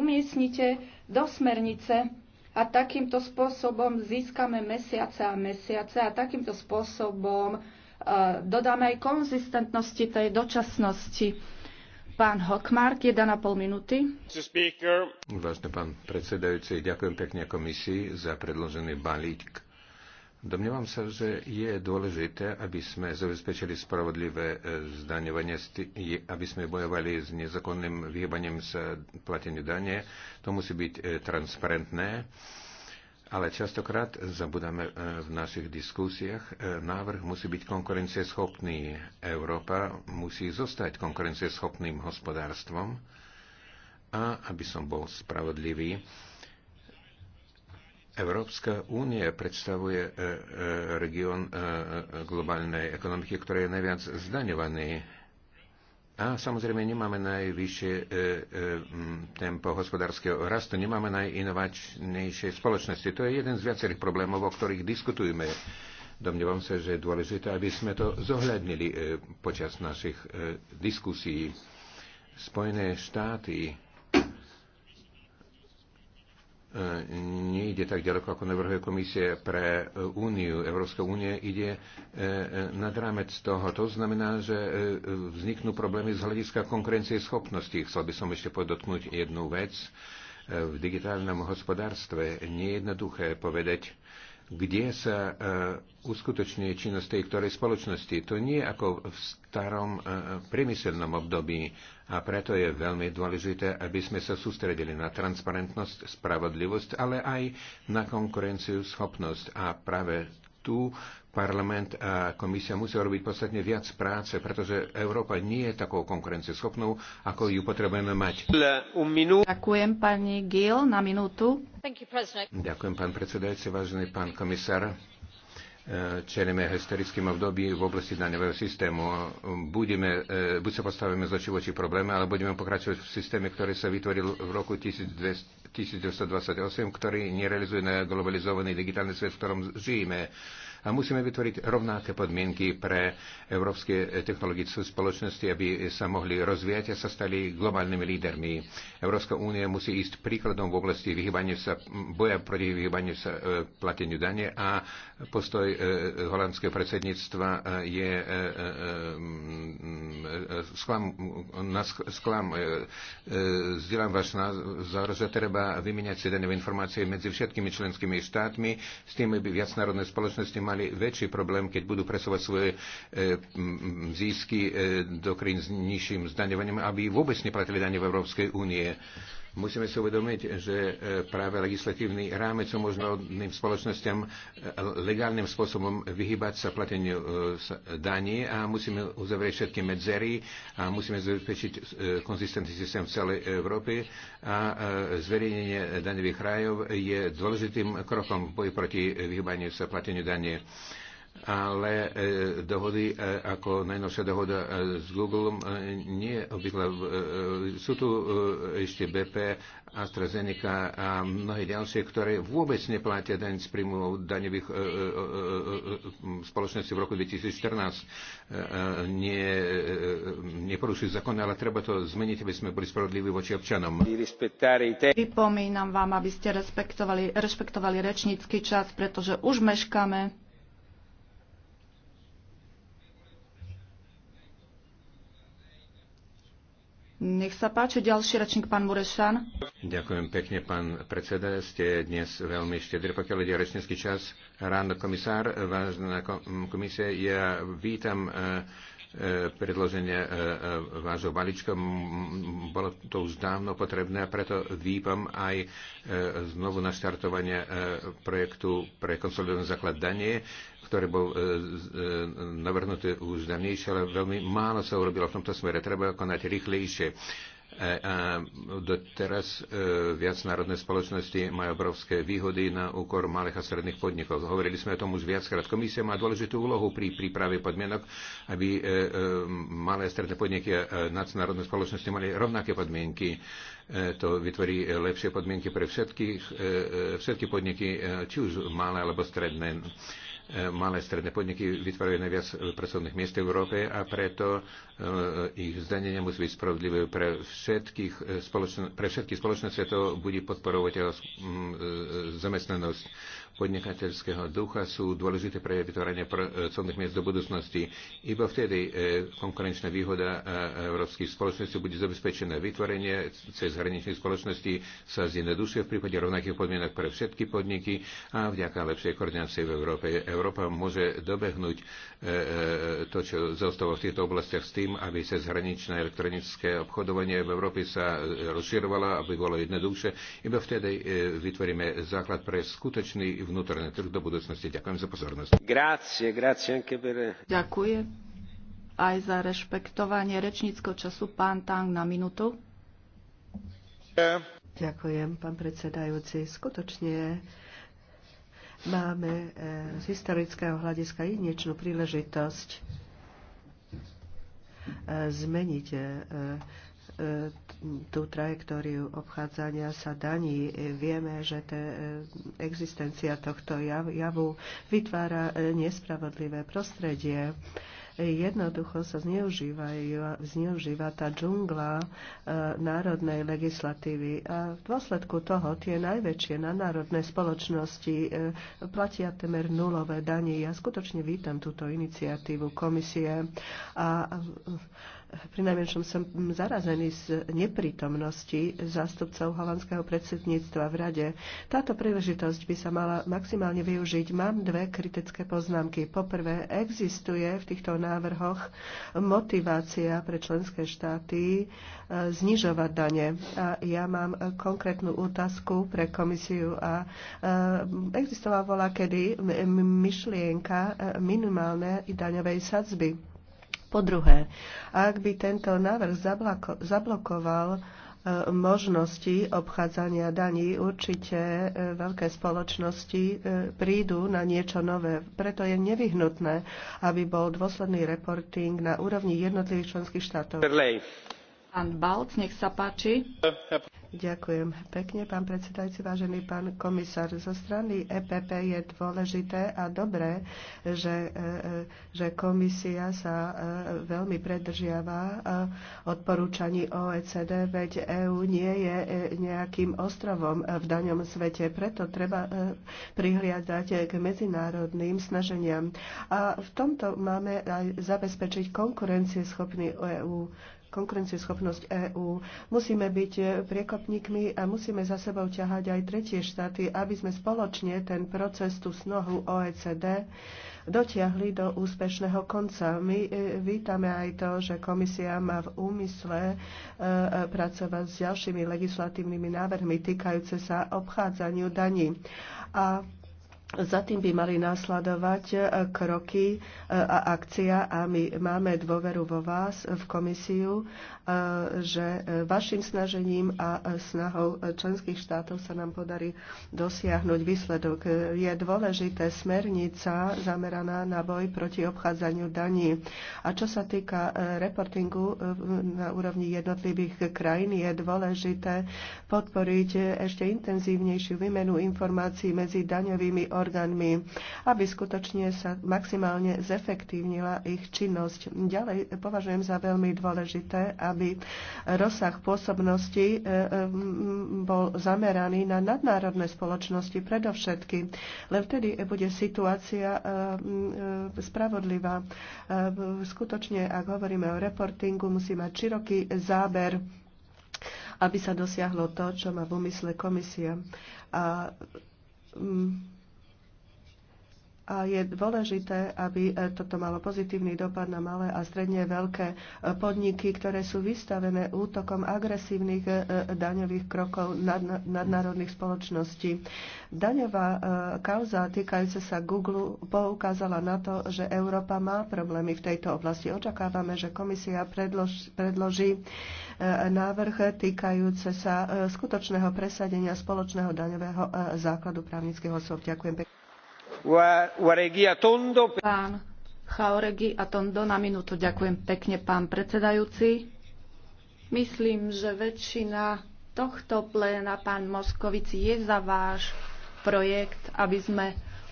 umiestnite do smernice a takýmto spôsobom získame mesiace a mesiace a takýmto spôsobom Eh, dodáme aj konzistentnosti tej dočasnosti. Pán Hockmark, 1,5 minúty. Vážne pán predsedajúci, ďakujem pekne komisii za predložený balík Domnievam sa, že je dôležité, aby sme zabezpečili spravodlivé eh, zdaňovanie, aby sme bojovali s nezakonným vyhýbaním sa plateniu dane. To musí byť eh, transparentné ale častokrát zabudáme e, v našich diskusiách, e, návrh musí byť konkurencieschopný. Európa musí zostať konkurencieschopným hospodárstvom. A aby som bol spravodlivý, Európska únia predstavuje e, región globálnej ekonomiky, ktorý je najviac zdaňovaný a samozrejme nemáme najvyššie e, e, tempo hospodárskeho rastu, nemáme najinovačnejšie spoločnosti. To je jeden z viacerých problémov, o ktorých diskutujeme. Domnievam sa, že je dôležité, aby sme to zohľadnili e, počas našich e, diskusí. Spojené štáty E, nejde tak ďaleko, ako navrhuje komisie pre e, Úniu. Európska únie ide e, nad rámec toho. To znamená, že vzniknú problémy z hľadiska konkurencie schopnosti. Chcel by som ešte podotknúť jednu vec. V digitálnom hospodárstve nie je jednoduché povedať, kde sa e, uskutočňuje činnosť tej ktorej spoločnosti. To nie ako v starom e, priemyselnom období a preto je veľmi dôležité, aby sme sa sústredili na transparentnosť, spravodlivosť, ale aj na konkurenciu, schopnosť a práve tu parlament a komisia musia robiť podstatne viac práce, pretože Európa nie je takou konkurencieschopnou, ako ju potrebujeme mať. Ďakujem pani Gill na minútu. Ďakujem pán predsedajúci, vážený pán komisár. E, čelíme historickým období v oblasti daňového systému. Budeme, e, buď sa postavíme z očí voči probléme, ale budeme pokračovať v systéme, ktorý sa vytvoril v roku 1928, ktorý nerealizuje na globalizovaný digitálny svet, v ktorom žijeme a musíme vytvoriť rovnaké podmienky pre európske technologické spoločnosti, aby sa mohli rozvíjať a sa stali globálnymi lídermi. Európska únia musí ísť príkladom v oblasti vyhýbania sa, boja proti vyhýbaniu sa e, plateniu dane a postoj e, holandského predsedníctva e, je sklam, sklam zdieľam váš názor, že treba vymeniať si informácie medzi všetkými členskými štátmi, s tým, aby viacnárodné spoločnosti mali mali väčší problém, keď budú presovať svoje e, získy e, do krín s nižším zdaňovaním, aby vôbec neplatili dane v Európskej únie. Musíme si uvedomiť, že e, práve legislatívny rámec umožňuje spoločnosťam e, legálnym spôsobom vyhybať sa plateniu e, daní a musíme uzavrieť všetky medzery a musíme zabezpečiť konzistentný systém v celej Európe a zverejnenie daňových rájov je dôležitým krokom boji proti vyhybaniu sa plateniu daní ale e, dohody e, ako najnovšia dohoda e, s Google nie obvykle. Sú tu ešte BP, AstraZeneca a mnohé ďalšie, ktoré vôbec neplatia daň z príjmu daňových spoločností v roku 2014. e, neporušujú zákon, ale treba to zmeniť, aby sme boli spravodliví voči občanom. Pripomínam vám, aby ste respektovali, rešpektovali rečnícky čas, pretože už meškáme. Nech sa páči, ďalší rečník, pán Murešan. Ďakujem pekne, pán predseda. Ste dnes veľmi štedri, pokiaľ ide rečnícky čas. Ráno komisár, vážna komisie, ja vítam e, e, predloženie e, vášho balíčka. Bolo to už dávno potrebné a preto výpam aj znovu naštartovanie projektu pre konsolidované zakladanie ktorý bol e, e, navrhnutý už dávnejšie, ale veľmi málo sa urobilo v tomto smere. Treba konať rýchlejšie. E, a doteraz viac národné spoločnosti majú obrovské výhody na úkor malých a stredných podnikov. Hovorili sme o tom už viackrát. Komisia má dôležitú úlohu pri príprave podmienok, aby malé a stredné podniky a nadnárodné spoločnosti mali rovnaké podmienky. To vytvorí lepšie podmienky pre všetkých, všetky podniky, či už malé alebo stredné. E, malé stredné podniky vytvárajú najviac e, pracovných miest v Európe a preto e, ich zdanenie musí byť spravodlivé pre, všetkých spoločn- pre všetky spoločné to bude podporovať zamestnanosť podnikateľského ducha sú dôležité pre vytvorenie pracovných e, miest do budúcnosti. Iba vtedy e, konkurenčná výhoda e, európskych spoločností bude zabezpečená. Vytvorenie cez hraničných spoločností sa zjednodušuje v prípade rovnakých podmienok pre všetky podniky a vďaka lepšej koordinácii v Európe. Európa môže dobehnúť to, čo zostalo v týchto oblastiach s tým, aby cez hraničné elektronické obchodovanie v Európe sa rozširovalo, aby bolo jednoduchšie. Iba vtedy vytvoríme základ pre skutočný vnútorný trh do budúcnosti. Ďakujem za pozornosť. Grazie, grazie anche per... Ďakujem aj za rešpektovanie rečníckého času. Pán Tang na minútu. Ďakujem, pán predsedajúci. Skutočne máme eh, z historického hľadiska jedinečnú príležitosť eh, zmeniť eh, tú trajektóriu obchádzania sa daní. Vieme, že te, existencia tohto javu vytvára e, nespravodlivé prostredie jednoducho sa zneužíva tá džungla e, národnej legislatívy. A v dôsledku toho tie najväčšie národné spoločnosti e, platia temer nulové danie. Ja skutočne vítam túto iniciatívu komisie a najmenšom som zarazený z neprítomnosti zástupcov holandského predsedníctva v Rade. Táto príležitosť by sa mala maximálne využiť. Mám dve kritické poznámky. Poprvé, existuje v týchto návrhoch motivácia pre členské štáty e, znižovať dane. A ja mám konkrétnu otázku pre komisiu a e, existovala bola kedy myšlienka e, minimálne daňovej sadzby po druhé, ak by tento návrh zablokoval e, možnosti obchádzania daní, určite e, veľké spoločnosti e, prídu na niečo nové. Preto je nevyhnutné, aby bol dôsledný reporting na úrovni jednotlivých členských štátov. Pán Balc, nech sa páči. Ďakujem pekne, pán predsedajúci, vážený pán komisár. Zo strany EPP je dôležité a dobré, že, e, e, že komisia sa e, veľmi predržiava odporúčaní OECD, veď EÚ nie je nejakým ostrovom v daňom svete. Preto treba prihliadať k medzinárodným snaženiam. A v tomto máme aj zabezpečiť konkurencieschopný EÚ konkurencieschopnosť EÚ. Musíme byť priekopníkmi a musíme za sebou ťahať aj tretie štáty, aby sme spoločne ten proces, tú snohu OECD dotiahli do úspešného konca. My e, vítame aj to, že komisia má v úmysle e, pracovať s ďalšími legislatívnymi návrhmi týkajúce sa obchádzaniu daní. A za tým by mali následovať e, kroky e, a akcia a my máme dôveru vo vás, v komisiu, e, že vašim snažením a snahou členských štátov sa nám podarí dosiahnuť výsledok. Je dôležité smernica zameraná na boj proti obchádzaniu daní. A čo sa týka reportingu na úrovni jednotlivých krajín, je dôležité podporiť ešte intenzívnejšiu výmenu informácií medzi daňovými orgánmi, aby skutočne sa maximálne zefektívnila ich činnosť. Ďalej považujem za veľmi dôležité, aby rozsah pôsobnosti e, e, bol zameraný na nadnárodné spoločnosti predovšetky. Len vtedy bude situácia e, spravodlivá. Skutočne, ak hovoríme o reportingu, musí mať široký záber aby sa dosiahlo to, čo má v úmysle komisia. A, mm, a je dôležité, aby e, toto malo pozitívny dopad na malé a stredne veľké e, podniky, ktoré sú vystavené útokom agresívnych e, daňových krokov nad, nadnárodných spoločností. Daňová kauza týkajúca sa Google poukázala na to, že Európa má problémy v tejto oblasti. Očakávame, že komisia predlož, predloží návrh týkajúce sa skutočného presadenia spoločného daňového základu právnických osôb. Ďakujem pekne. Pán Chaoregi Tondo na minútu. Ďakujem pekne, pán predsedajúci. Myslím, že väčšina tohto pléna, pán Moskovici, je za váš projekt, aby sme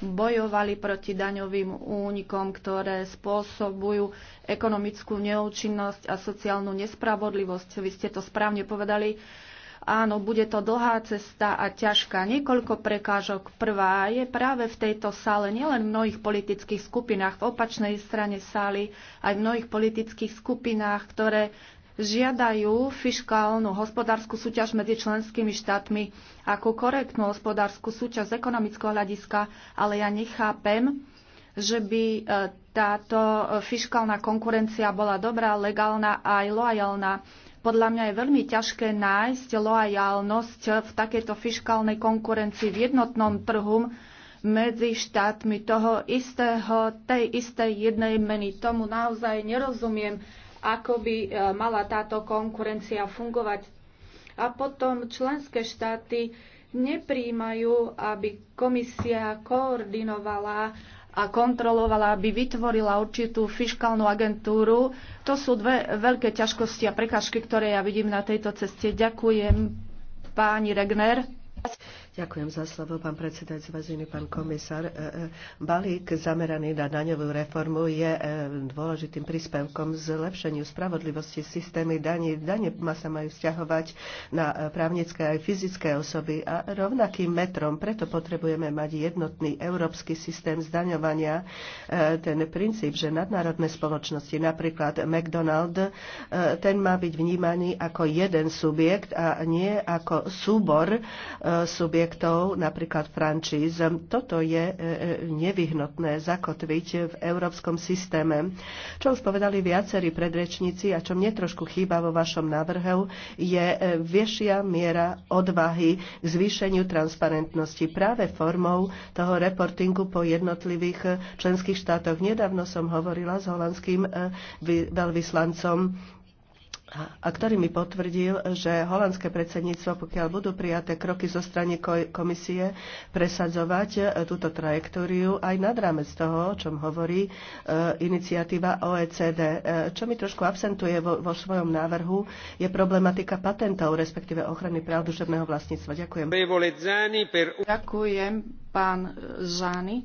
bojovali proti daňovým únikom, ktoré spôsobujú ekonomickú neúčinnosť a sociálnu nespravodlivosť. Vy ste to správne povedali. Áno, bude to dlhá cesta a ťažká. Niekoľko prekážok. Prvá je práve v tejto sále, nielen v mnohých politických skupinách, v opačnej strane sály, aj v mnohých politických skupinách, ktoré žiadajú fiškálnu hospodárskú súťaž medzi členskými štátmi ako korektnú hospodárskú súťaž z ekonomického hľadiska, ale ja nechápem, že by e, táto fiškálna konkurencia bola dobrá, legálna a aj loajálna. Podľa mňa je veľmi ťažké nájsť loajálnosť v takejto fiškálnej konkurencii v jednotnom trhu medzi štátmi toho istého, tej istej jednej meny. Tomu naozaj nerozumiem, ako by e, mala táto konkurencia fungovať. A potom členské štáty nepríjmajú, aby komisia koordinovala a kontrolovala, aby vytvorila určitú fiškálnu agentúru. To sú dve veľké ťažkosti a prekažky, ktoré ja vidím na tejto ceste. Ďakujem páni Regner. Ďakujem za slovo, pán predseda. vážený pán komisár. E, e, balík zameraný na daňovú reformu je e, dôležitým príspevkom zlepšeniu spravodlivosti systémy daní. Dane sa majú vzťahovať na právnické aj fyzické osoby a rovnakým metrom. Preto potrebujeme mať jednotný európsky systém zdaňovania. Ten princíp, že nadnárodné spoločnosti, napríklad McDonald, ten má byť vnímaný ako jeden subjekt a nie ako súbor subjektov projektov, napríklad frančíz. Toto je e, e, nevyhnutné zakotviť v európskom systéme. Čo už povedali viacerí predrečníci a čo mne trošku chýba vo vašom návrhu, je e, vyššia miera odvahy k zvýšeniu transparentnosti práve formou toho reportingu po jednotlivých členských štátoch. Nedávno som hovorila s holandským veľvyslancom a ktorý mi potvrdil, že holandské predsedníctvo, pokiaľ budú prijaté kroky zo strany komisie, presadzovať e, túto trajektóriu aj nad rámec toho, o čom hovorí e, iniciatíva OECD. E, čo mi trošku absentuje vo, vo svojom návrhu, je problematika patentov, respektíve ochrany práv duševného vlastníctva. Ďakujem. Ďakujem, pán Zány.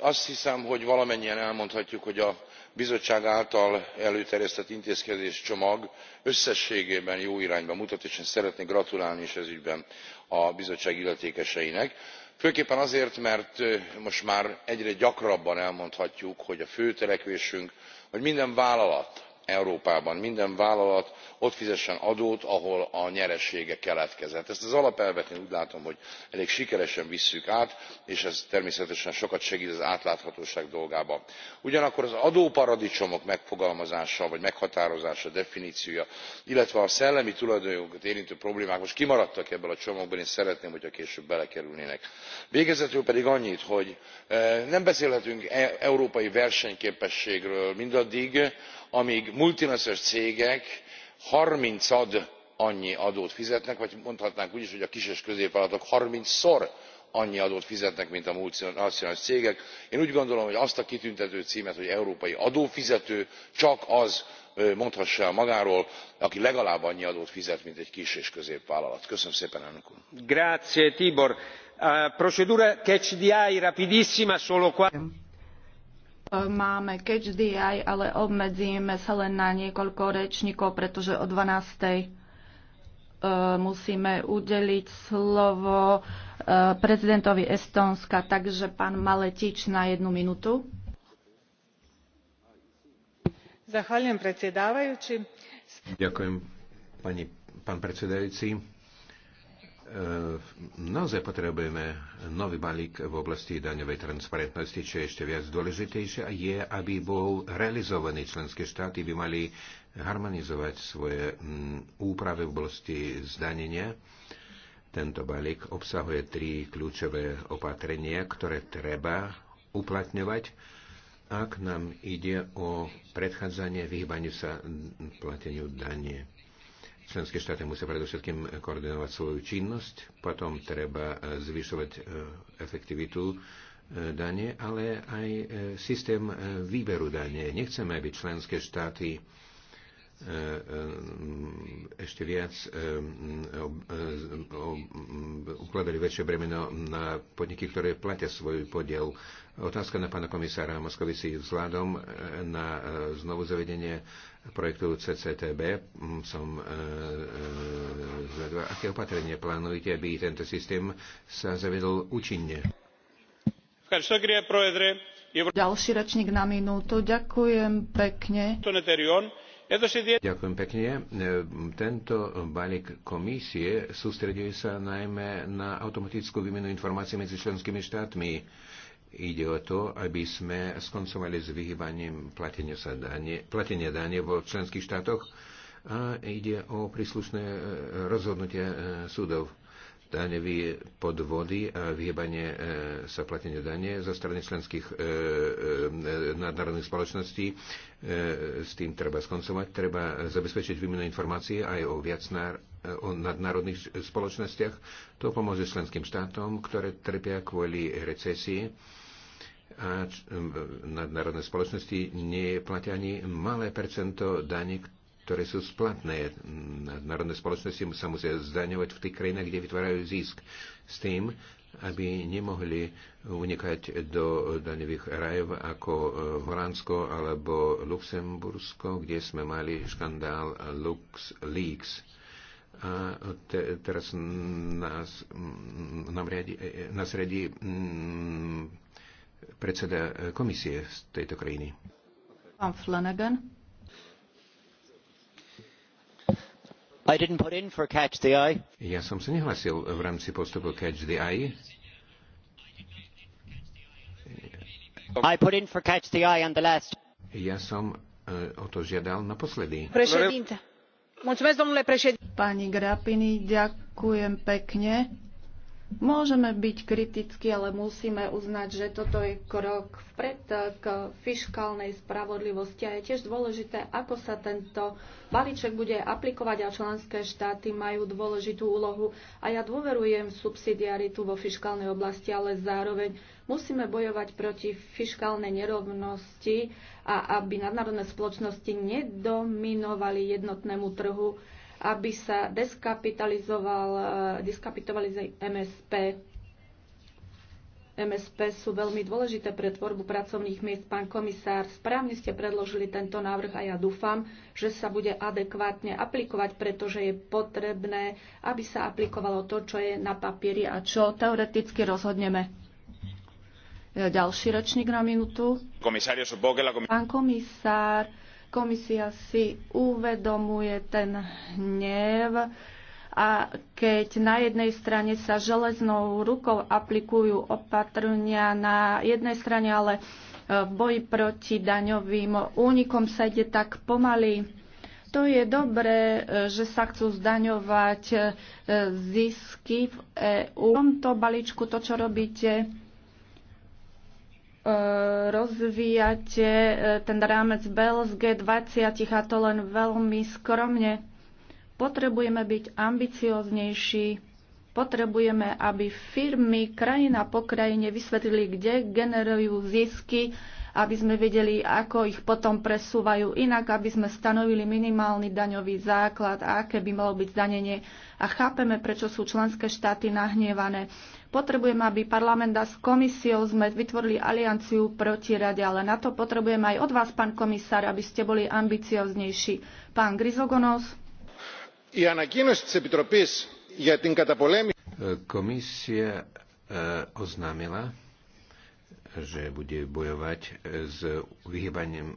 Azt hiszem, hogy valamennyien elmondhatjuk, hogy a bizottság által előterjesztett intézkedéscsomag összességében jó irányba mutat és én szeretnék gratulálni is ez ügyben a bizottság illetékeseinek főképpen azért mert most már egyre gyakrabban elmondhatjuk hogy a fő törekvésünk hogy minden vállalat európában minden vállalat ott fizessen adót ahol a nyeresége keletkezett. ezt az alapelvet én úgy látom hogy elég sikeresen visszük át és ez természetesen sokat segt az átláthatóság dolgában. ugyanakkor az adóparadicsomok megfogalmazása vagy meghatározása definciója illetve a szellemi tulajdonjogokat érintő problémák most kimaradtak ebből a csomagból én szeretném hogyha később belekerülnének. végezetül pedig annyit hogy eh, nem beszélhetünk e-, európai versenyképességről mindaddig amg multinacionális cégek harmincad annyi adót fizetnek vagy mondhatnánk úgy is hogy a kis és középvállalatok harmincszor annyi adót fizetnek mint a multinacionális cégek. én úgy gondolom hogy azt a kitüntető cmet hogy európai adófizető csak az mondhassa el magáról aki legalább annyi adót fizet mint egy kis és középvállalat. köszönöm szépen elnök úr! Máme catch the eye, ale obmedzíme sa len na niekoľko rečníkov, pretože o 12 e, musíme udeliť slovo e, prezidentovi Estonska, Takže pán Maletič na jednu minútu. Zahvaljujem predsedávajúci. Ďakujem, pani, pán predsedajúci E, naozaj potrebujeme nový balík v oblasti daňovej transparentnosti, čo je ešte viac dôležitejšie, a je, aby bol realizovaný členské štáty, by mali harmonizovať svoje mm, úpravy v oblasti zdanenia. Tento balík obsahuje tri kľúčové opatrenia, ktoré treba uplatňovať, ak nám ide o predchádzanie vyhýbaniu sa plateniu danie Členské štáty musia predovšetkým koordinovať svoju činnosť, potom treba e, zvyšovať e, efektivitu e, dane, ale aj systém výberu dane. Nechceme, aby členské štáty E, e, ešte viac e, ukladali väčšie bremeno na podniky, ktoré platia svoj podiel. Otázka na pána komisára Moskovici vzhľadom na znovu zavedenie projektu CCTB. Mm, som zvedavá, aké opatrenie plánujete, aby tento systém sa zavedol účinne. Ďalší rečník na minútu. Ďakujem pekne. Ďakujem pekne. E, tento balík komisie sústreduje sa najmä na automatickú výmenu informácií medzi členskými štátmi. Ide o to, aby sme skoncovali s vyhýbaním platenia, platenia dane vo členských štátoch a ide o príslušné e, rozhodnutie e, súdov daňové podvody a vyhybanie e, sa platenia dane zo strany členských e, e, nadnárodných spoločností. S tým treba skoncovať, treba zabezpečiť výmenu informácií aj o viac o nadnárodných spoločnostiach. To pomôže členským štátom, ktoré trpia kvôli recesii a nadnárodné spoločnosti neplatia ani malé percento daní, ktoré sú splatné. Národné spoločnosti sa musia zdaňovať v tých krajinách, kde vytvárajú zisk. S tým, aby nemohli unikať do daňových rajov ako eh, Horánsko alebo Luxembursko, kde sme mali škandál LuxLeaks. A te, teraz nás, mm, nám riadi, eh, eh, nás riadi mm, predseda komisie z tejto krajiny. Pán Flanagan. Ja som sa nehlasil v rámci postupu Catch the Eye. I put in for Catch the Eye on the last. Ja som uh, o to žiadal naposledy. Prešedinte. Môžeme domnule prešedinte. Pani Grapini, ďakujem pekne. Môžeme byť kritickí, ale musíme uznať, že toto je krok vpred k fiskálnej spravodlivosti a je tiež dôležité, ako sa tento balíček bude aplikovať a členské štáty majú dôležitú úlohu. A ja dôverujem subsidiaritu vo fiskálnej oblasti, ale zároveň musíme bojovať proti fiskálnej nerovnosti a aby nadnárodné spoločnosti nedominovali jednotnému trhu aby sa deskapitalizoval, eh, deskapitalizovali MSP. MSP sú veľmi dôležité pre tvorbu pracovných miest. Pán komisár, správne ste predložili tento návrh a ja dúfam, že sa bude adekvátne aplikovať, pretože je potrebné, aby sa aplikovalo to, čo je na papieri a čo teoreticky rozhodneme. Eh, ďalší rečník na minútu. Pán komisár, Komisia si uvedomuje ten hnev a keď na jednej strane sa železnou rukou aplikujú opatrenia na jednej strane, ale v e, boji proti daňovým únikom sa ide tak pomaly. To je dobré, e, že sa chcú zdaňovať e, zisky v EU. V tomto balíčku to, čo robíte, rozvíjate e, ten rámec BELS G20 a to len veľmi skromne. Potrebujeme byť ambicioznejší, potrebujeme, aby firmy krajina po krajine vysvetlili, kde generujú zisky aby sme vedeli, ako ich potom presúvajú inak, aby sme stanovili minimálny daňový základ a aké by malo byť zdanenie. A chápeme, prečo sú členské štáty nahnievané. Potrebujeme, aby parlament a s komisiou sme vytvorili alianciu proti rade, ale na to potrebujem aj od vás, pán komisár, aby ste boli ambicioznejší. Pán Grizogonos. Komisia oznámila, že bude bojovať e, s vyhýbaním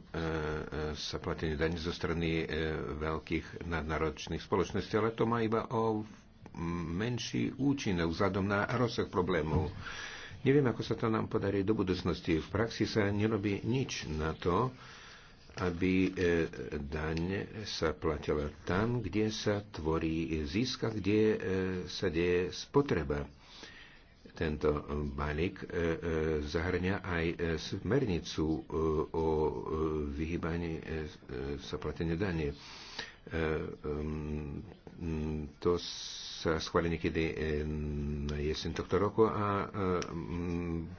e, e, sa plateniu daní zo strany veľkých nadnáročných spoločností, ale to má iba o menší účinok vzhľadom na rozsah problémov. Neviem, ako sa to nám podarí do budúcnosti. V praxi sa nerobí nič na to, aby daň sa platila tam, kde sa tvorí získa, kde sa deje spotreba. Tento e, balík e, e, zahrňa aj smernicu o vyhýbaní sa plateniu danie. To sa schváli niekedy na jeseň tohto roku a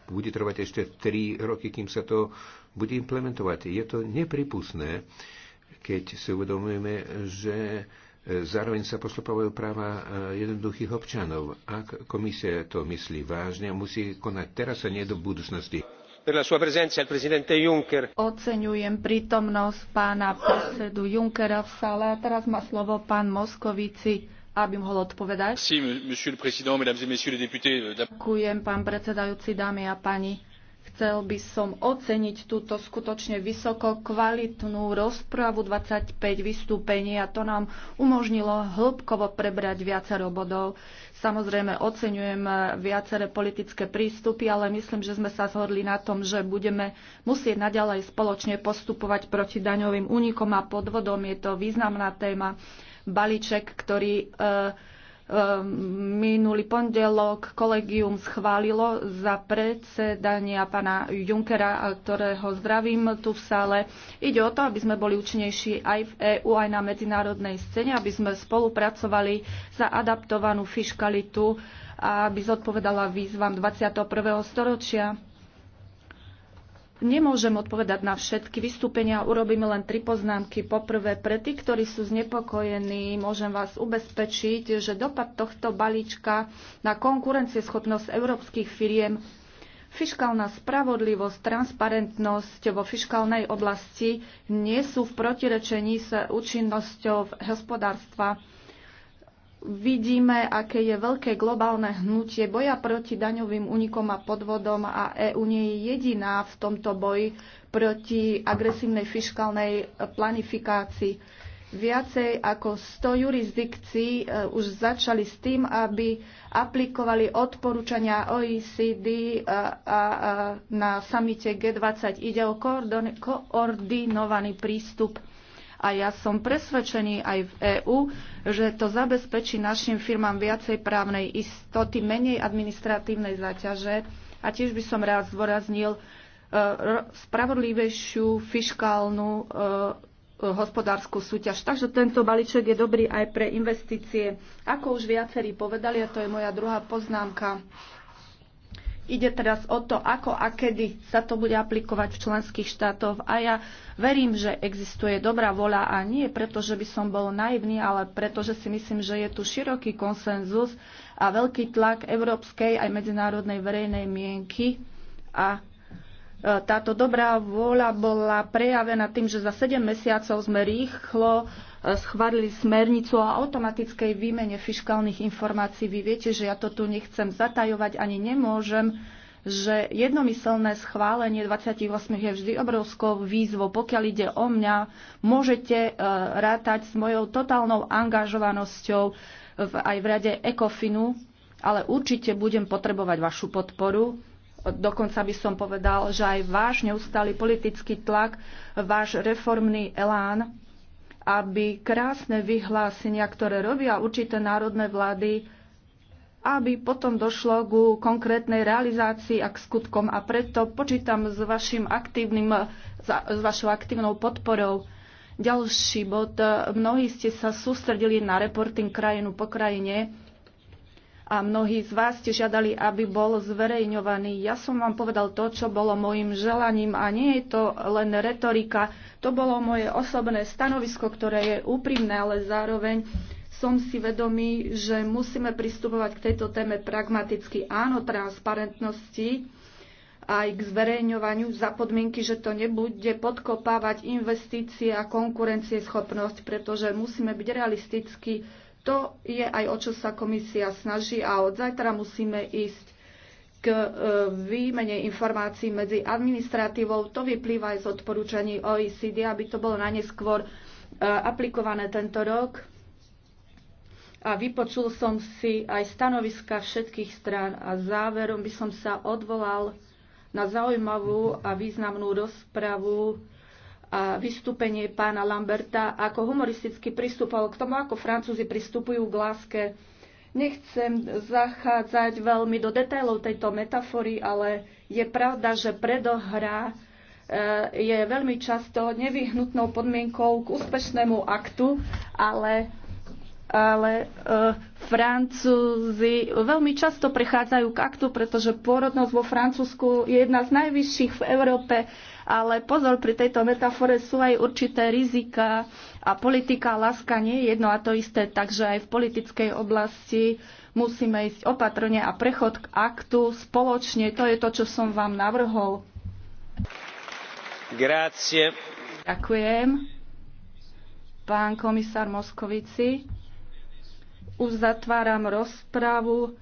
bude trvať ešte 3 roky, kým sa to bude implementovať. Je to nepripustné, keď si uvedomujeme, že E, zároveň sa postupovajú práva e, jednoduchých občanov. Ak komisia to myslí vážne, musí konať teraz a nie do budúcnosti. Oceňujem prítomnosť pána predsedu Junckera v sále a teraz má slovo pán Moskovici aby mohol odpovedať. Euh, Ďakujem, pán predsedajúci, dámy a páni. Chcel by som oceniť túto skutočne vysoko kvalitnú rozpravu 25 vystúpení a to nám umožnilo hĺbkovo prebrať viacero bodov. Samozrejme oceňujem viaceré politické prístupy, ale myslím, že sme sa zhodli na tom, že budeme musieť naďalej spoločne postupovať proti daňovým únikom a podvodom. Je to významná téma balíček, ktorý uh, Minulý pondelok kolegium schválilo za predsedania pána Junkera, ktorého zdravím tu v sále. Ide o to, aby sme boli účinnejší aj v EÚ, aj na medzinárodnej scéne, aby sme spolupracovali za adaptovanú fiškalitu, aby zodpovedala výzvam 21. storočia. Nemôžem odpovedať na všetky vystúpenia, urobím len tri poznámky. Poprvé, pre tých, ktorí sú znepokojení, môžem vás ubezpečiť, že dopad tohto balíčka na konkurencieschopnosť európskych firiem, fiskálna spravodlivosť, transparentnosť vo fiskálnej oblasti nie sú v protirečení s účinnosťou hospodárstva vidíme, aké je veľké globálne hnutie boja proti daňovým únikom a podvodom a EÚ nie je jediná v tomto boji proti agresívnej fiskálnej e, planifikácii. Viacej ako 100 jurisdikcií e, už začali s tým, aby aplikovali odporúčania OECD e, na samite G20. Ide o koordinovaný prístup a ja som presvedčený aj v EÚ, že to zabezpečí našim firmám viacej právnej istoty, menej administratívnej záťaže a tiež by som rád zdôraznil e, spravodlivejšiu fiskálnu e, hospodárskú súťaž. Takže tento balíček je dobrý aj pre investície. Ako už viacerí povedali, a to je moja druhá poznámka, Ide teraz o to, ako a kedy sa to bude aplikovať v členských štátoch. A ja verím, že existuje dobrá vola a nie preto, že by som bol naivný, ale preto, že si myslím, že je tu široký konsenzus a veľký tlak európskej aj medzinárodnej verejnej mienky. A e, táto dobrá vôľa bola prejavená tým, že za 7 mesiacov sme rýchlo schválili smernicu o automatickej výmene fiškálnych informácií. Vy viete, že ja to tu nechcem zatajovať, ani nemôžem, že jednomyselné schválenie 28 je vždy obrovskou výzvou. Pokiaľ ide o mňa, môžete e, rátať s mojou totálnou angažovanosťou v, aj v rade ECOFINu, ale určite budem potrebovať vašu podporu. Dokonca by som povedal, že aj váš neustály politický tlak, váš reformný elán aby krásne vyhlásenia, ktoré robia určité národné vlády, aby potom došlo ku konkrétnej realizácii a k skutkom. A preto počítam s, vašim aktívnym, s vašou aktívnou podporou. Ďalší bod. Mnohí ste sa sústredili na reporting krajinu po krajine a mnohí z vás ste žiadali, aby bol zverejňovaný. Ja som vám povedal to, čo bolo môjim želaním a nie je to len retorika. To bolo moje osobné stanovisko, ktoré je úprimné, ale zároveň som si vedomý, že musíme pristupovať k tejto téme pragmaticky. Áno, transparentnosti aj k zverejňovaniu za podmienky, že to nebude podkopávať investície a konkurencieschopnosť, pretože musíme byť realistickí to je aj o čo sa komisia snaží a od zajtra musíme ísť k e, výmene informácií medzi administratívou. To vyplýva aj z odporúčaní OECD, aby to bolo neskôr e, aplikované tento rok. A vypočul som si aj stanoviska všetkých strán a záverom by som sa odvolal na zaujímavú a významnú rozpravu a vystúpenie pána Lamberta, ako humoristicky pristupoval k tomu, ako Francúzi pristupujú k láske. Nechcem zachádzať veľmi do detailov tejto metafory, ale je pravda, že predohra eh, je veľmi často nevyhnutnou podmienkou k úspešnému aktu, ale ale e, Francúzi veľmi často prechádzajú k aktu, pretože pôrodnosť vo Francúzsku je jedna z najvyšších v Európe ale pozor, pri tejto metafore sú aj určité rizika a politika láska nie je jedno a to isté, takže aj v politickej oblasti musíme ísť opatrne a prechod k aktu spoločne, to je to, čo som vám navrhol. Grazie. Ďakujem. Pán komisár Moskovici, uzatváram rozpravu.